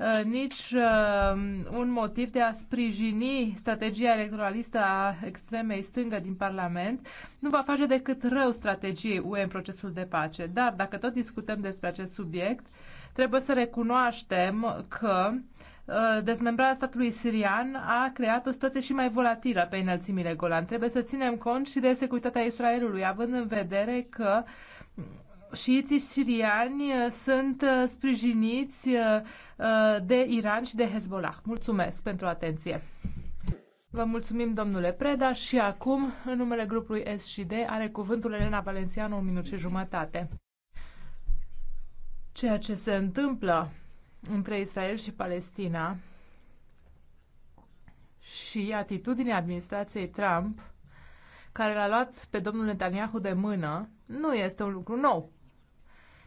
Uh, nici uh, un motiv de a sprijini strategia electoralistă a extremei stângă din Parlament. Nu va face decât rău strategiei UE în procesul de pace. Dar dacă tot discutăm despre acest subiect, trebuie să recunoaștem că uh, dezmembrarea statului sirian a creat o situație și mai volatilă pe înălțimile Golan. Trebuie să ținem cont și de securitatea Israelului, având în vedere că șiiții siriani uh, sunt uh, sprijiniți uh, de Iran și de Hezbollah. Mulțumesc pentru atenție. Vă mulțumim, domnule Preda, și acum, în numele grupului S și D, are cuvântul Elena Valenciano, un minut și jumătate. Ceea ce se întâmplă între Israel și Palestina și atitudinea administrației Trump, care l-a luat pe domnul Netanyahu de mână, nu este un lucru nou.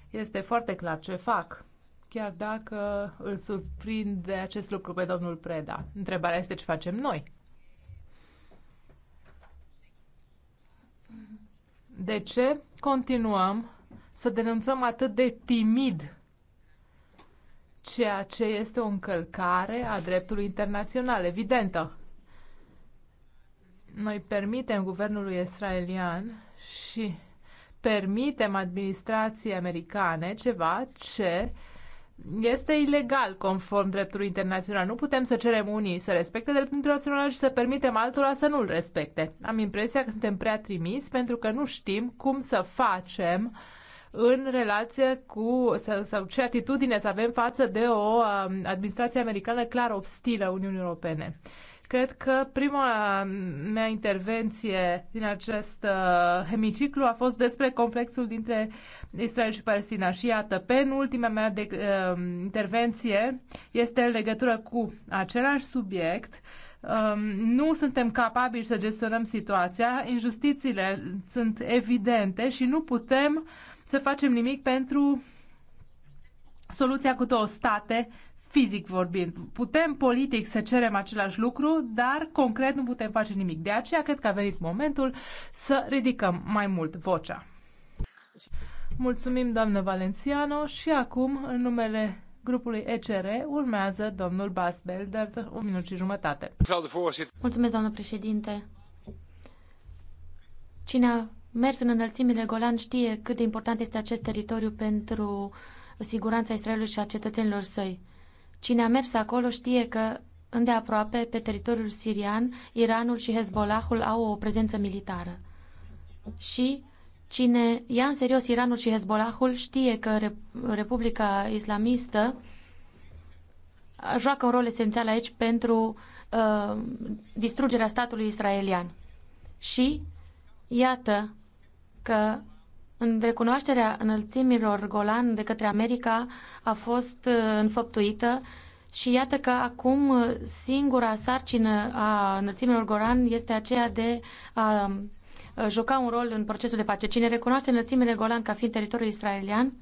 Este foarte clar ce fac, chiar dacă îl surprinde acest lucru pe domnul Preda. Întrebarea este ce facem noi. De ce continuăm să denunțăm atât de timid ceea ce este o încălcare a dreptului internațional, evidentă? Noi permitem guvernului israelian și permitem administrației americane ceva ce este ilegal conform dreptului internațional. Nu putem să cerem unii să respecte dreptul internațional și să permitem altora să nu-l respecte. Am impresia că suntem prea trimiți pentru că nu știm cum să facem în relație cu sau, sau ce atitudine să avem față de o um, administrație americană clar obstilă Uniunii Europene. Cred că prima mea intervenție din acest uh, hemiciclu a fost despre conflictul dintre Israel și Palestina. Și iată, penultima mea de, uh, intervenție este în legătură cu același subiect. Um, nu suntem capabili să gestionăm situația, injustițiile sunt evidente și nu putem să facem nimic pentru soluția cu două state fizic vorbind. Putem politic să cerem același lucru, dar concret nu putem face nimic. De aceea cred că a venit momentul să ridicăm mai mult vocea. Mulțumim, doamnă Valenciano, și acum, în numele grupului ECR, urmează domnul Bas Belder, o minut și jumătate. Mulțumesc, doamnă președinte. Cine a mers în înălțimile Golan știe cât de important este acest teritoriu pentru siguranța Israelului și a cetățenilor săi. Cine a mers acolo știe că îndeaproape pe teritoriul sirian, Iranul și Hezbollahul au o prezență militară. Și cine ia în serios Iranul și Hezbollahul știe că Republica Islamistă joacă un rol esențial aici pentru uh, distrugerea statului israelian. Și iată că în recunoașterea înălțimilor Golan de către America a fost uh, înfăptuită și iată că acum uh, singura sarcină a înălțimilor Golan este aceea de a uh, joca un rol în procesul de pace. Cine recunoaște înălțimile Golan ca fiind teritoriul israelian,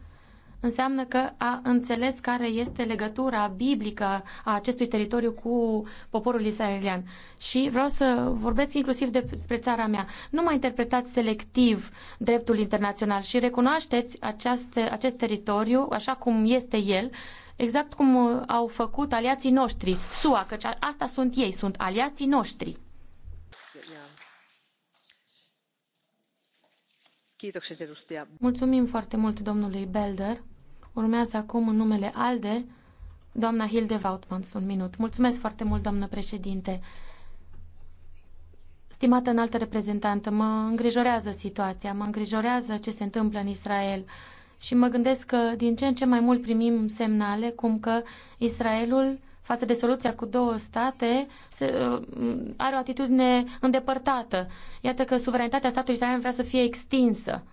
înseamnă că a înțeles care este legătura biblică a acestui teritoriu cu poporul israelian. Și vreau să vorbesc inclusiv despre țara mea. Nu mai interpretați selectiv dreptul internațional și recunoașteți aceast, acest teritoriu așa cum este el, exact cum au făcut aliații noștri, SUA, căci asta sunt ei, sunt aliații noștri. Mulțumim foarte mult domnului Belder. Urmează acum în numele ALDE doamna Hilde Vautmans, un minut. Mulțumesc foarte mult, doamnă președinte. Stimată înaltă reprezentantă, mă îngrijorează situația, mă îngrijorează ce se întâmplă în Israel și mă gândesc că din ce în ce mai mult primim semnale cum că Israelul față de soluția cu două state se, uh, are o atitudine îndepărtată. Iată că suveranitatea statului Israel vrea să fie extinsă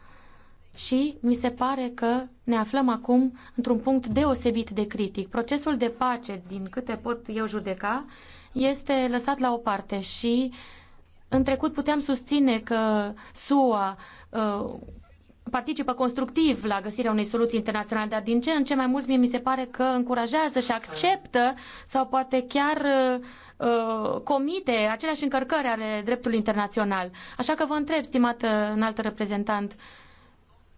și mi se pare că ne aflăm acum într-un punct deosebit de critic. Procesul de pace, din câte pot eu judeca, este lăsat la o parte și în trecut puteam susține că SUA uh, participă constructiv la găsirea unei soluții internaționale, dar din ce în ce mai mult mie mi se pare că încurajează și acceptă sau poate chiar uh, uh comite aceleași încărcări ale dreptului internațional. Așa că vă întreb, stimată înaltă reprezentant, uh,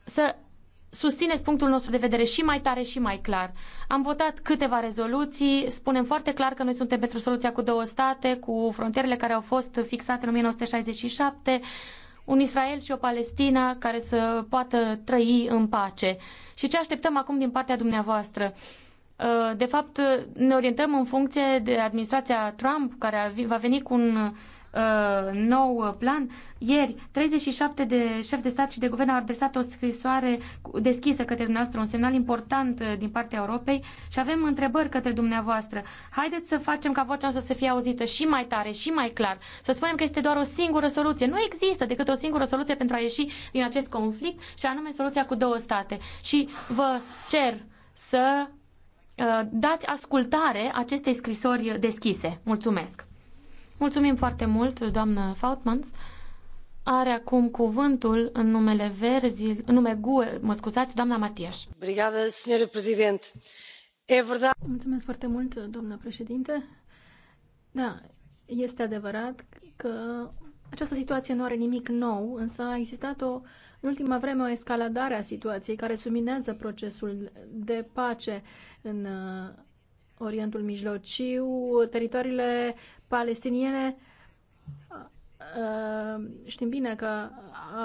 să susțineți punctul nostru de vedere și mai tare și mai clar. Am votat câteva rezoluții, spunem foarte clar că noi suntem pentru soluția cu două state, cu frontierele care au fost fixate în 1967, un Israel și o Palestina care să poată trăi în pace. Și ce așteptăm acum din partea dumneavoastră? Uh, de fapt, ne orientăm în funcție de administrația Trump, care va veni cu un Uh, nou plan. Ieri, 37 de șefi de stat și de guvern au adresat o scrisoare deschisă către dumneavoastră, un semnal important uh, din partea Europei și avem întrebări către dumneavoastră. Haideți să facem ca vocea să să fie auzită și mai tare și mai clar. Să spunem că este doar o singură soluție. Nu există decât o singură soluție pentru a ieși din acest conflict și anume soluția cu două state. Și vă cer să uh, dați ascultare acestei scrisori deschise. Mulțumesc! Mulțumim foarte mult, doamnă Fautmans. Are acum cuvântul în numele Verzi, în nume GUE, mă scuzați, doamna Matias. Brigada, E președinte. Mulțumesc foarte mult, doamnă președinte. Da, este adevărat că această situație nu are nimic nou, însă a existat o, în ultima vreme o escaladare a situației care suminează procesul de pace în uh, Orientul Mijlociu, teritoriile palestiniene uh, știm bine că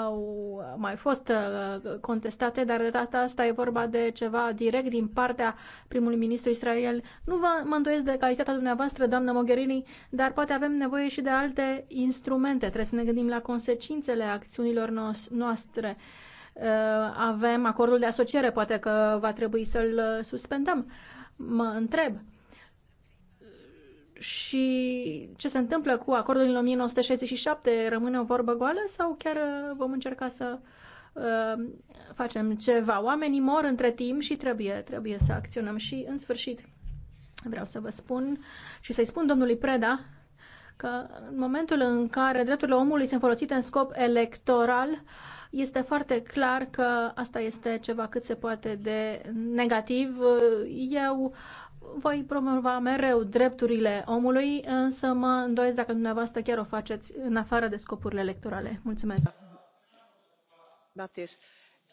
au mai fost uh, contestate, dar de data asta e vorba de ceva direct din partea primului ministru israel. Nu vă mă îndoiesc de calitatea dumneavoastră, doamnă Mogherini, dar poate avem nevoie și de alte instrumente. Trebuie să ne gândim la consecințele acțiunilor noastre. Uh, avem acordul de asociere, poate că va trebui să-l suspendăm. Mă întreb și ce se întâmplă cu acordul din 1967? Rămâne o vorbă goală sau chiar uh, vom încerca să uh, facem ceva? Oamenii mor între timp și trebuie, trebuie să acționăm. Și, în sfârșit, vreau să vă spun și să-i spun domnului Preda că în momentul în care drepturile omului sunt folosite în scop electoral, este foarte clar că asta este ceva cât se poate de negativ. Eu voi promova mereu drepturile omului, însă mă îndoiesc dacă dumneavoastră chiar o faceți în afară de scopurile electorale. Mulțumesc.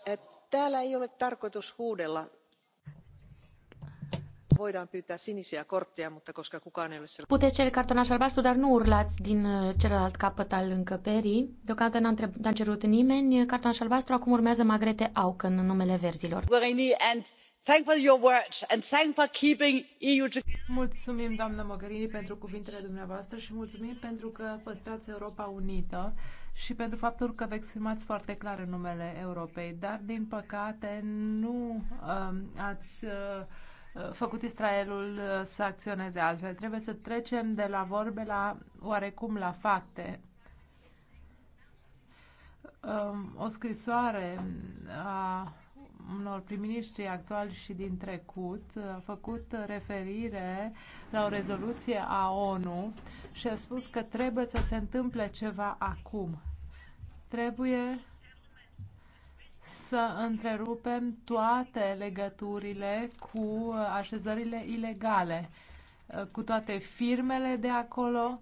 Eh, täällä ei ole tarkoitus huudella Puteți cere cartonaș albastru, dar nu urlați din uh, celălalt capăt al încăperii. Deocamdată n-a, întreb, n-a cerut nimeni cartonaș albastru, acum urmează Magrete Auken în numele verzilor. Mulțumim, doamnă Mogherini, pentru cuvintele dumneavoastră și mulțumim pentru că păstrați Europa unită și pentru faptul că vă exprimați foarte clar în numele Europei. Dar, din păcate, nu um, ați uh, făcut Israelul uh, să acționeze altfel. Trebuie să trecem de la vorbe la oarecum la fapte. Um, o scrisoare a uh, unor prim-ministri actuali și din trecut uh, a făcut referire la o rezoluție a ONU și a spus că trebuie să se întâmple ceva acum. Trebuie să întrerupem toate legăturile cu așezările ilegale, cu toate firmele de acolo,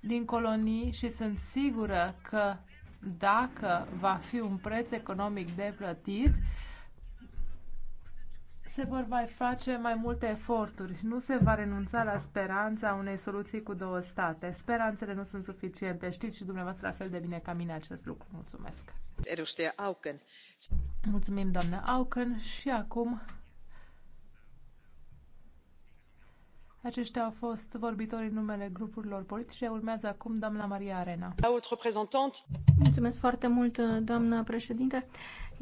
din colonii și sunt sigură că dacă va fi un preț economic de plătit, se vor mai face mai multe eforturi. Nu se va renunța la speranța unei soluții cu două state. Speranțele nu sunt suficiente. Știți și dumneavoastră la fel de bine ca mine acest lucru. Mulțumesc. Mulțumim, doamnă Auken. Și acum Aceștia au fost vorbitorii în numele grupurilor politice. Urmează acum doamna Maria Arena. Mulțumesc foarte mult, doamna președinte.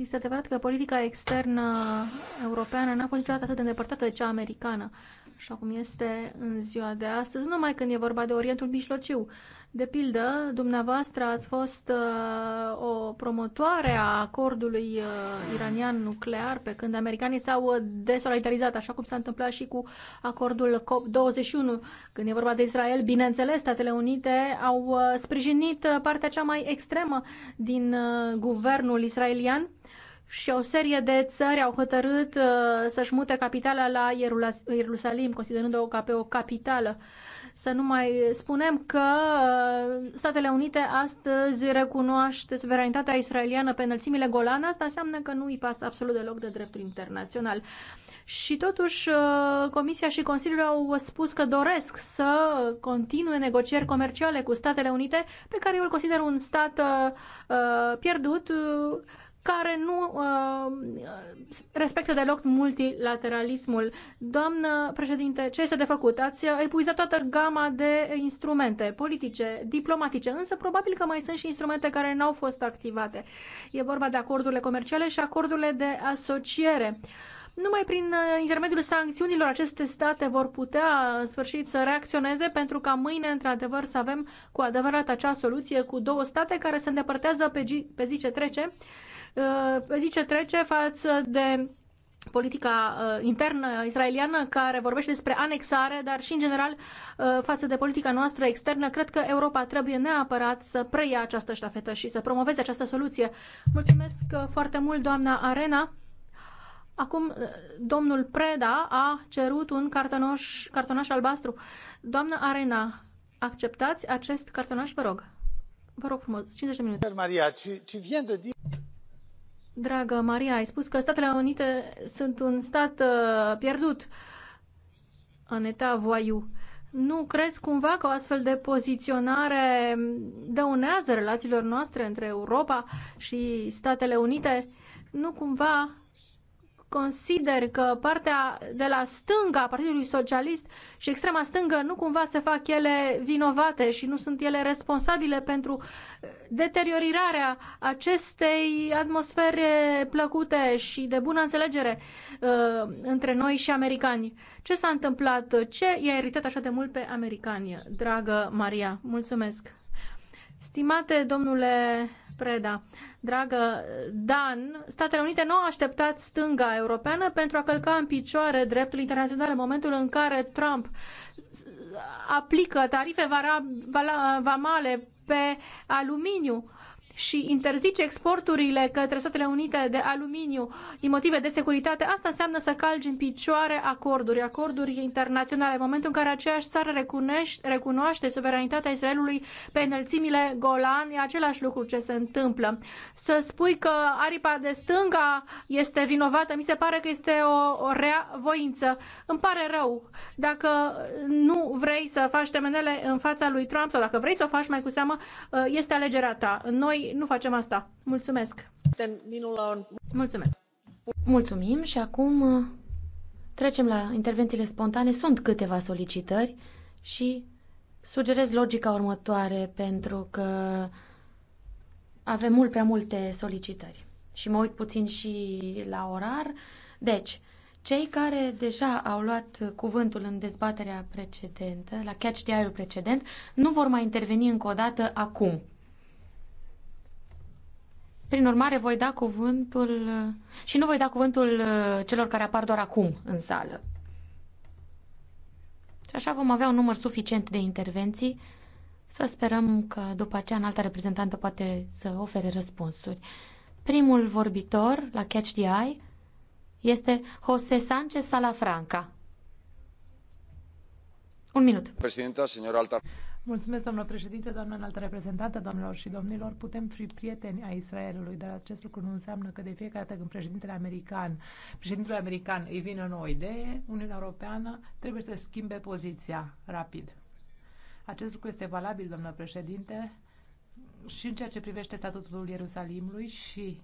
Este adevărat că politica externă europeană n-a fost niciodată atât de îndepărtată de cea americană așa cum este în ziua de astăzi, nu numai când e vorba de Orientul Mijlociu. De pildă, dumneavoastră ați fost uh, o promotoare a acordului uh, iranian nuclear pe când americanii s-au uh, desolidarizat, așa cum s-a întâmplat și cu acordul COP21. Când e vorba de Israel, bineînțeles, Statele Unite au uh, sprijinit uh, partea cea mai extremă din uh, guvernul israelian uh, și o serie de țări au hotărât uh, să-și mute capitala la Ierusalim, considerând-o ca pe o capitală. Să nu mai spunem că uh, Statele Unite astăzi recunoaște suveranitatea israeliană pe înălțimile Golan. Asta înseamnă că nu îi pasă absolut deloc de dreptul internațional. Și totuși, uh, Comisia și Consiliul au spus că doresc să continue negocieri comerciale cu Statele Unite, pe care eu îl consider un stat pierdut, care nu uh, respectă deloc multilateralismul. Doamnă președinte, ce este de făcut? Ați epuizat toată gama de instrumente politice, diplomatice, însă probabil că mai sunt și instrumente care n-au fost activate. E vorba de acordurile comerciale și acordurile de asociere. Numai prin uh, intermediul sancțiunilor aceste state vor putea în sfârșit să reacționeze pentru ca mâine, într-adevăr, să avem cu adevărat acea soluție cu două state care se îndepărtează pe, pe zi ce trece Uh, zice trece față de politica uh, internă israeliană care vorbește despre anexare, dar și în general uh, față de politica noastră externă, cred că Europa trebuie neapărat să preia această ștafetă și să promoveze această soluție. Mulțumesc foarte mult, doamna Arena. Acum, domnul Preda a cerut un cartonoș, cartonaș albastru. Doamna Arena, acceptați acest cartonaș, vă rog. Vă rog frumos, 50 de minute. Maria, tu, ci vien de din... Dragă Maria, ai spus că Statele Unite sunt un stat uh, pierdut în eta voaiu. Nu crezi cumva că o astfel de poziționare dăunează relațiilor noastre între Europa și Statele Unite? Nu cumva consider că partea de la stânga Partidului Socialist și extrema stângă nu cumva se fac ele vinovate și nu sunt ele responsabile pentru deteriorarea acestei atmosfere plăcute și de bună înțelegere uh, între noi și americani. Ce s-a întâmplat? Ce i-a iritat așa de mult pe americani, dragă Maria? Mulțumesc! Stimate domnule Preda, dragă Dan, Statele Unite nu au așteptat stânga europeană pentru a călca în picioare dreptul internațional în momentul în care Trump aplică tarife vamale pe aluminiu și interzice exporturile către Statele Unite de aluminiu din motive de securitate, asta înseamnă să calgi în picioare acorduri, acorduri internaționale, în momentul în care aceeași țară recunoaște, recunoaște suveranitatea Israelului pe înălțimile Golan, e același lucru ce se întâmplă. Să spui că aripa de stânga este vinovată, mi se pare că este o, o rea voință. Îmi pare rău. Dacă nu vrei să faci temenele în fața lui Trump sau dacă vrei să o faci mai cu seamă, este alegerea ta. Noi nu facem asta. Mulțumesc! Mulțumesc! Mulțumim și acum uh, trecem la intervențiile spontane. Sunt câteva solicitări și sugerez logica următoare pentru că avem mult prea multe solicitări și mă uit puțin și la orar. Deci, cei care deja au luat cuvântul în dezbaterea precedentă, la catch the precedent, nu vor mai interveni încă o dată acum. Prin urmare, voi da cuvântul și nu voi da cuvântul uh, celor care apar doar acum în sală. Și așa vom avea un număr suficient de intervenții. Să sperăm că după aceea în alta reprezentantă poate să ofere răspunsuri. Primul vorbitor la Catch the Eye este José Sánchez Salafranca. Un minut. Președinta, señora Altar. Mulțumesc, doamnă președinte, doamnă înaltă reprezentantă, doamnelor și domnilor. Putem fi prieteni ai Israelului, dar acest lucru nu înseamnă că de fiecare dată când președintele american, președintele american îi vine o nouă idee, Uniunea Europeană trebuie să schimbe poziția rapid. Acest lucru este valabil, doamnă președinte, și în ceea ce privește statutul Ierusalimului și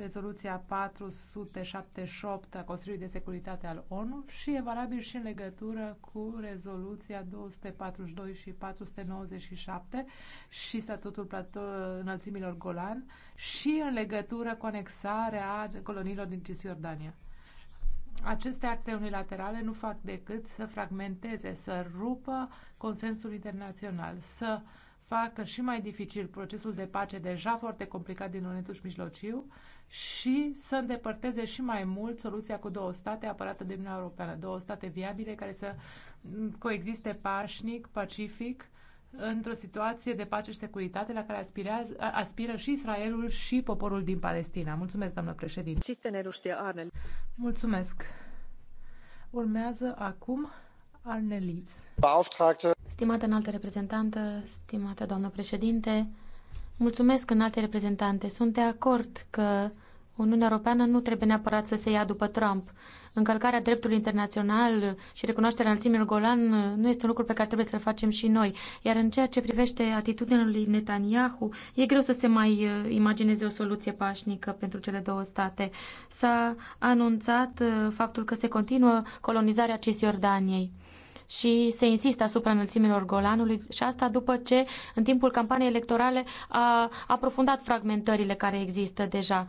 rezoluția 478 a Consiliului de Securitate al ONU și e valabil și în legătură cu rezoluția 242 și 497 și statutul înălțimilor Golan și în legătură cu anexarea coloniilor din Cisjordania. Aceste acte unilaterale nu fac decât să fragmenteze, să rupă consensul internațional, să facă și mai dificil procesul de pace deja foarte complicat din Orientul Mijlociu și să îndepărteze și mai mult soluția cu două state apărată de Uniunea Europeană, două state viabile care să coexiste pașnic, pacific, într-o situație de pace și securitate la care aspiră și Israelul și poporul din Palestina. Mulțumesc, doamnă președinte. Mulțumesc. Urmează acum Arneliț. Stimată înaltă reprezentantă, stimată doamnă președinte, mulțumesc înaltă reprezentante. Sunt de acord că Uniunea Europeană nu trebuie neapărat să se ia după Trump. Încălcarea dreptului internațional și recunoașterea înălțimilor Golan nu este un lucru pe care trebuie să-l facem și noi. Iar în ceea ce privește atitudinea lui Netanyahu, e greu să se mai uh, imagineze o soluție pașnică pentru cele două state. S-a anunțat uh, faptul că se continuă colonizarea Cisjordaniei și se insistă asupra înălțimilor Golanului și asta după ce, în timpul campaniei electorale, a aprofundat fragmentările care există deja.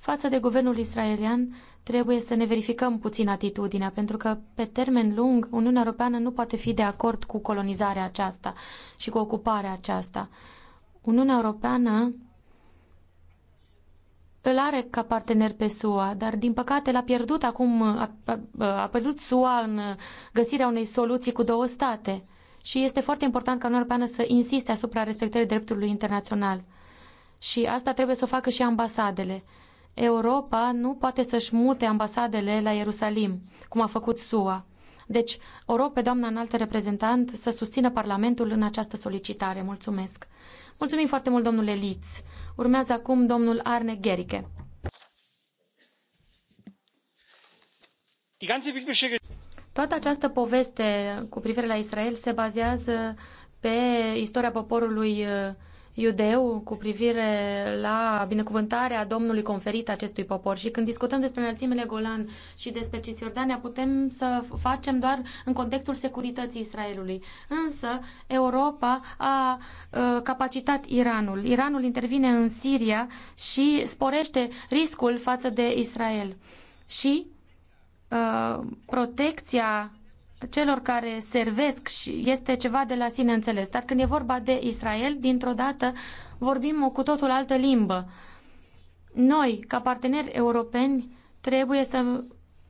Față de guvernul israelian, trebuie să ne verificăm puțin atitudinea, pentru că, pe termen lung, Uniunea Europeană nu poate fi de acord cu colonizarea aceasta și cu ocuparea aceasta. Uniunea Europeană îl are ca partener pe SUA, dar din păcate l-a pierdut acum, a, a, a pierdut SUA în găsirea unei soluții cu două state. Și este foarte important ca Uniunea Europeană să insiste asupra respectării dreptului internațional. Și asta trebuie să o facă și ambasadele. Europa nu poate să-și mute ambasadele la Ierusalim, cum a făcut SUA. Deci, o rog pe doamna înaltă reprezentant să susțină Parlamentul în această solicitare. Mulțumesc. Mulțumim foarte mult, domnule Liț. Urmează acum domnul Arne Gerike. Toată această poveste cu privire la Israel se bazează pe istoria poporului uh, iudeu cu privire la binecuvântarea Domnului conferit acestui popor și când discutăm despre înălțimile Golan și despre Cisjordania, putem să facem doar în contextul securității Israelului. Însă Europa a capacitat Iranul. Iranul intervine în Siria și sporește riscul față de Israel. Și uh, protecția celor care servesc și este ceva de la sine înțeles. Dar când e vorba de Israel, dintr-o dată vorbim o cu totul altă limbă. Noi, ca parteneri europeni, trebuie să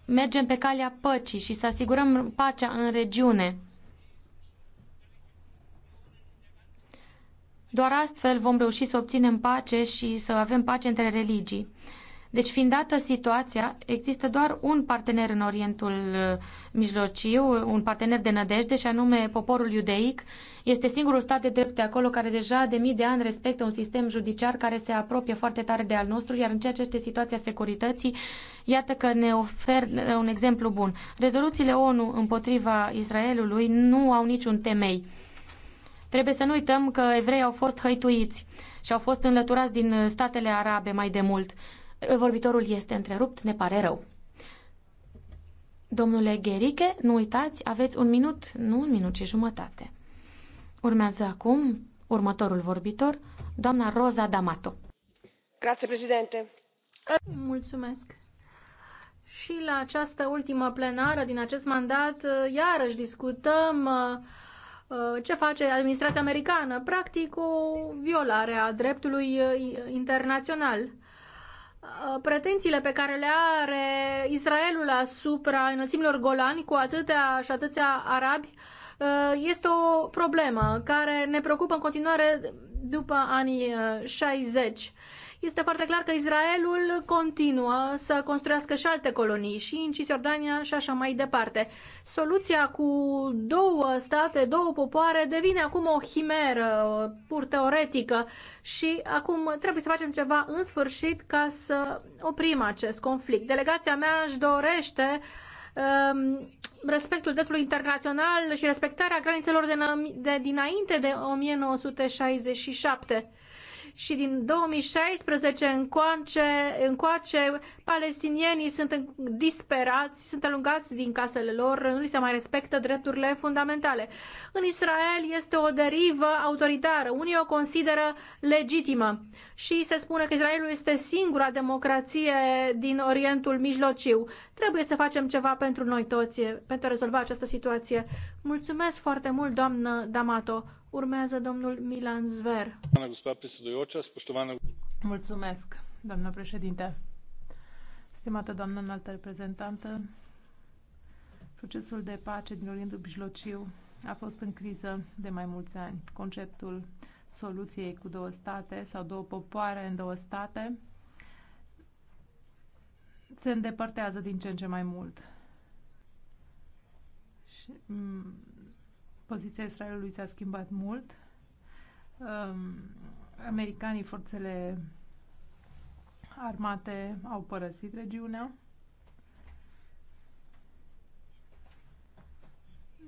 mergem pe calea păcii și să asigurăm pacea în regiune. Doar astfel vom reuși să obținem pace și să avem pace între religii. Deci, fiind dată situația, există doar un partener în Orientul uh, Mijlociu, un partener de nădejde, și anume poporul iudeic. Este singurul stat de drept de acolo care deja de mii de ani respectă un sistem judiciar care se apropie foarte tare de al nostru, iar în ceea ce este situația securității, iată că ne oferă un exemplu bun. Rezoluțiile ONU împotriva Israelului nu au niciun temei. Trebuie să nu uităm că evreii au fost hăituiți și au fost înlăturați din uh, statele arabe mai de mult. Vorbitorul este întrerupt, ne pare rău. Domnule Gheriche, nu uitați, aveți un minut, nu un minut și jumătate. Urmează acum următorul vorbitor, doamna Rosa D'Amato. Grazie, președinte. Mulțumesc. Și la această ultimă plenară din acest mandat, uh, iarăși discutăm uh, uh, ce face administrația americană, practic o violare a dreptului internațional. Uh, pretențiile pe care le are Israelul asupra înălțimilor Golani cu atâtea și atâția arabi uh, este o problemă care ne preocupă în continuare după anii 60. Uh, este foarte clar că Israelul continuă să construiască și alte colonii și în Cisjordania și așa mai departe. Soluția cu două state, două popoare devine acum o himeră pur teoretică și acum trebuie să facem ceva în sfârșit ca să oprim acest conflict. Delegația mea își dorește um, respectul dreptului internațional și respectarea granițelor de, de dinainte de 1967 și din 2016 încoace, încoace palestinienii sunt disperați, sunt alungați din casele lor, nu li se mai respectă drepturile fundamentale. În Israel este o derivă autoritară, unii o consideră legitimă și se spune că Israelul este singura democrație din Orientul Mijlociu. Trebuie să facem ceva pentru noi toți, pentru a rezolva această situație. Mulțumesc foarte mult, doamnă Damato. Urmează domnul Milan Zver. Mulțumesc, doamnă președinte. Stimată doamnă înaltă reprezentantă, procesul de pace din Orientul Mijlociu a fost în criză de mai mulți ani. Conceptul soluției cu două state sau două popoare în două state se îndepărtează din ce în ce mai mult. Și, mm, Poziția Israelului s-a schimbat mult. Um, americanii, forțele armate au părăsit regiunea.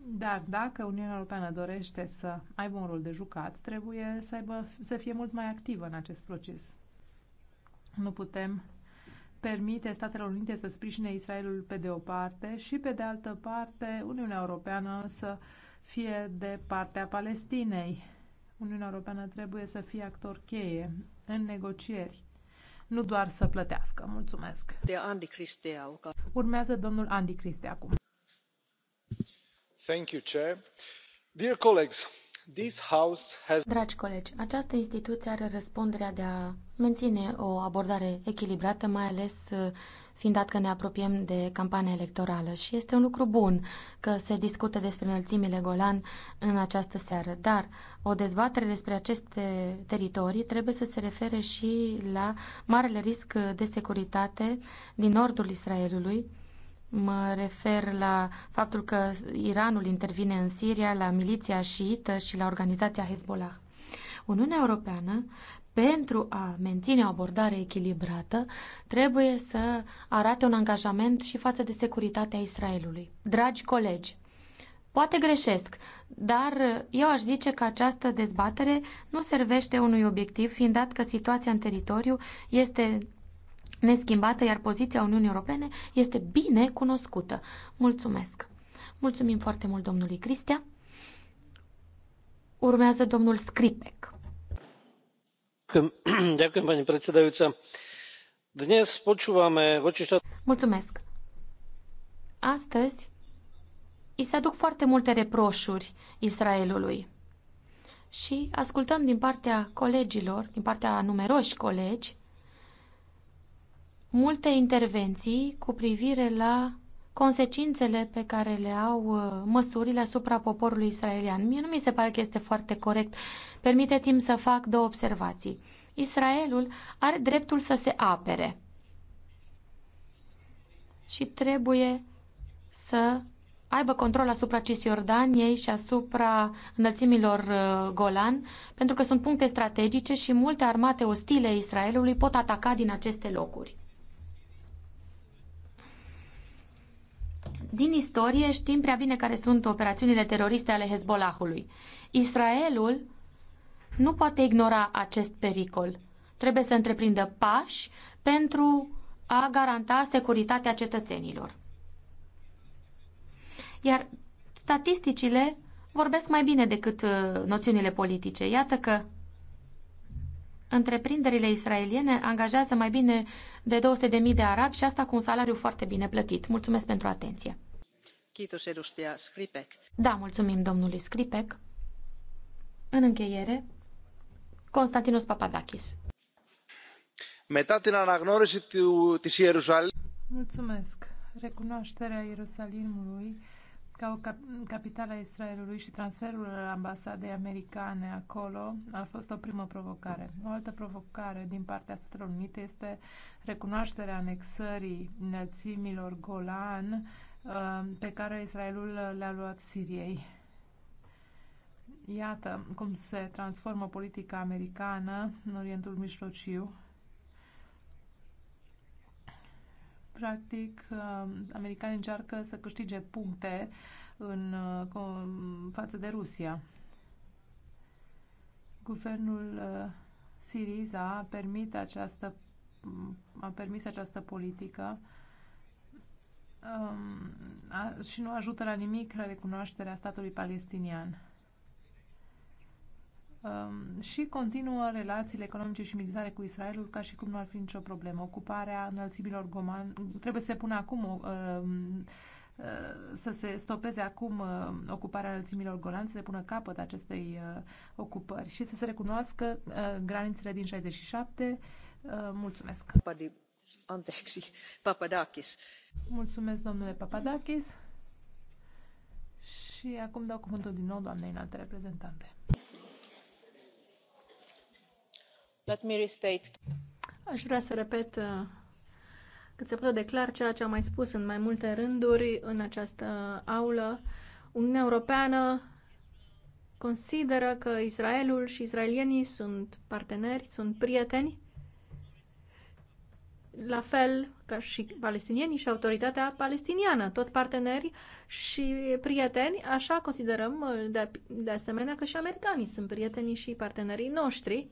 Dar dacă Uniunea Europeană dorește să aibă un rol de jucat, trebuie să, aibă, să fie mult mai activă în acest proces. Nu putem permite Statelor Unite să sprijine Israelul pe de o parte și pe de altă parte Uniunea Europeană să uh, fie de partea Palestinei. Uniunea Europeană trebuie să fie actor cheie în negocieri, nu doar să plătească. Mulțumesc. De Andy Cristea. Urmează domnul Andy Cristea acum. Thank you, Chair. Dear colleagues, this house has... Dragi colegi, această instituție are răspunderea de a menține o abordare echilibrată, mai ales fiind dat că ne apropiem de campania electorală și este un lucru bun că se discută despre înălțimile Golan în această seară, dar o dezbatere despre aceste teritorii trebuie să se refere și la marele risc de securitate din nordul Israelului, Mă refer la faptul că Iranul intervine în Siria, la miliția șiită și la organizația Hezbollah. Uniunea Europeană pentru a menține o abordare echilibrată, trebuie să arate un angajament și față de securitatea Israelului. Dragi colegi, poate greșesc, dar eu aș zice că această dezbatere nu servește unui obiectiv, fiind dat că situația în teritoriu este neschimbată, iar poziția Uniunii Europene este bine cunoscută. Mulțumesc! Mulțumim foarte mult domnului Cristia. Urmează domnul Scripec doamnă <clears throat> președintă Mulțumesc. Astăzi îi se aduc foarte multe reproșuri Israelului. Și ascultăm din partea colegilor, din partea numeroși colegi, multe intervenții cu privire la consecințele pe care le au uh, măsurile asupra poporului israelian. Mie nu mi se pare că este foarte corect. Permiteți-mi să fac două observații. Israelul are dreptul să se apere și trebuie să aibă control asupra Cisjordaniei și asupra înălțimilor uh, Golan, pentru că sunt puncte strategice și multe armate ostile Israelului pot ataca din aceste locuri. Din istorie știm prea bine care sunt operațiunile teroriste ale Hezbollahului. Israelul nu poate ignora acest pericol. Trebuie să întreprindă pași pentru a garanta securitatea cetățenilor. Iar statisticile vorbesc mai bine decât uh, noțiunile politice. Iată că Întreprinderile israeliene angajează mai bine de 200.000 de arabi și asta cu un salariu foarte bine plătit. Mulțumesc pentru atenție. Da, mulțumim domnului Scripec. În încheiere, Constantinos Papadakis. Mulțumesc. Recunoașterea Ierusalimului ca o cap capitală a Israelului și transferul ambasadei americane acolo a fost o primă provocare. O altă provocare din partea Statelor Unite este recunoașterea anexării înălțimilor Golan uh, pe care Israelul le-a luat Siriei. Iată cum se transformă politica americană în Orientul Mijlociu Practic, uh, americanii încearcă să câștige puncte în, în uh, față de Rusia. Guvernul uh, Siriza a, permis această, a permis această politică um, a, și nu ajută la nimic la recunoașterea statului palestinian. Um, și continuă relațiile economice și militare cu Israelul ca și cum nu ar fi nicio problemă. Ocuparea înălțimilor Goman trebuie să se pună acum um, uh, să se stopeze acum uh, ocuparea înălțimilor Golan, să se pună capăt acestei uh, ocupări și să se recunoască granițele din 67. Mulțumesc. Anteeksi, Papadakis. Mulțumesc, domnule Papadakis. Și acum dau cuvântul din nou doamnei înalte reprezentante. Let me restate. Aș vrea să repet uh, cât se poate declar ceea ce am mai spus în mai multe rânduri în această aulă. Uniunea Europeană consideră că Israelul și israelienii sunt parteneri, sunt prieteni, la fel ca și palestinienii și autoritatea palestiniană, tot parteneri și prieteni, așa considerăm uh, de, de asemenea că și americanii sunt prietenii și partenerii noștri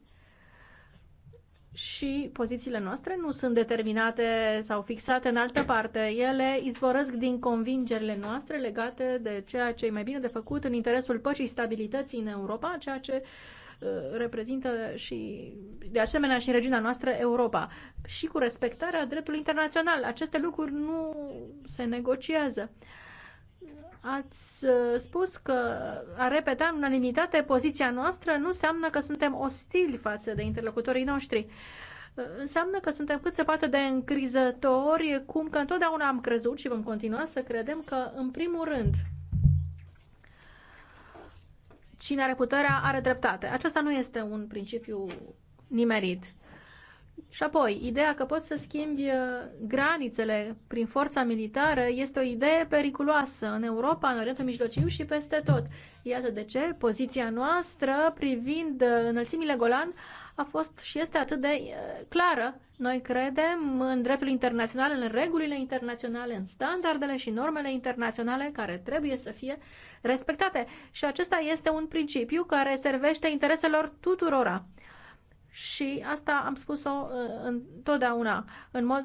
și pozițiile noastre nu sunt determinate sau fixate în altă parte. Ele izvorăsc din convingerile noastre legate de ceea ce e mai bine de făcut în interesul păcii și stabilității în Europa, ceea ce uh, reprezintă și, de asemenea, și în regiunea noastră Europa. Și cu respectarea dreptului internațional. Aceste lucruri nu se negociază. Ați uh, spus că a repeta în unanimitate poziția noastră nu înseamnă că suntem ostili față de interlocutorii noștri. Uh, înseamnă că suntem cât se poate de încrizători, cum că întotdeauna am crezut și vom continua să credem că, în primul rând, cine are puterea are dreptate. Acesta nu este un principiu nimerit. Și apoi, ideea că poți să schimbi uh, granițele prin forța militară este o idee periculoasă în Europa, în Orientul Mijlociu și peste tot. Iată de ce poziția noastră privind uh, înălțimile Golan a fost și este atât de uh, clară. Noi credem în dreptul internațional, în regulile internaționale, în standardele și normele internaționale care trebuie să fie respectate. Și acesta este un principiu care servește intereselor tuturora și asta am spus-o uh, întotdeauna, în mod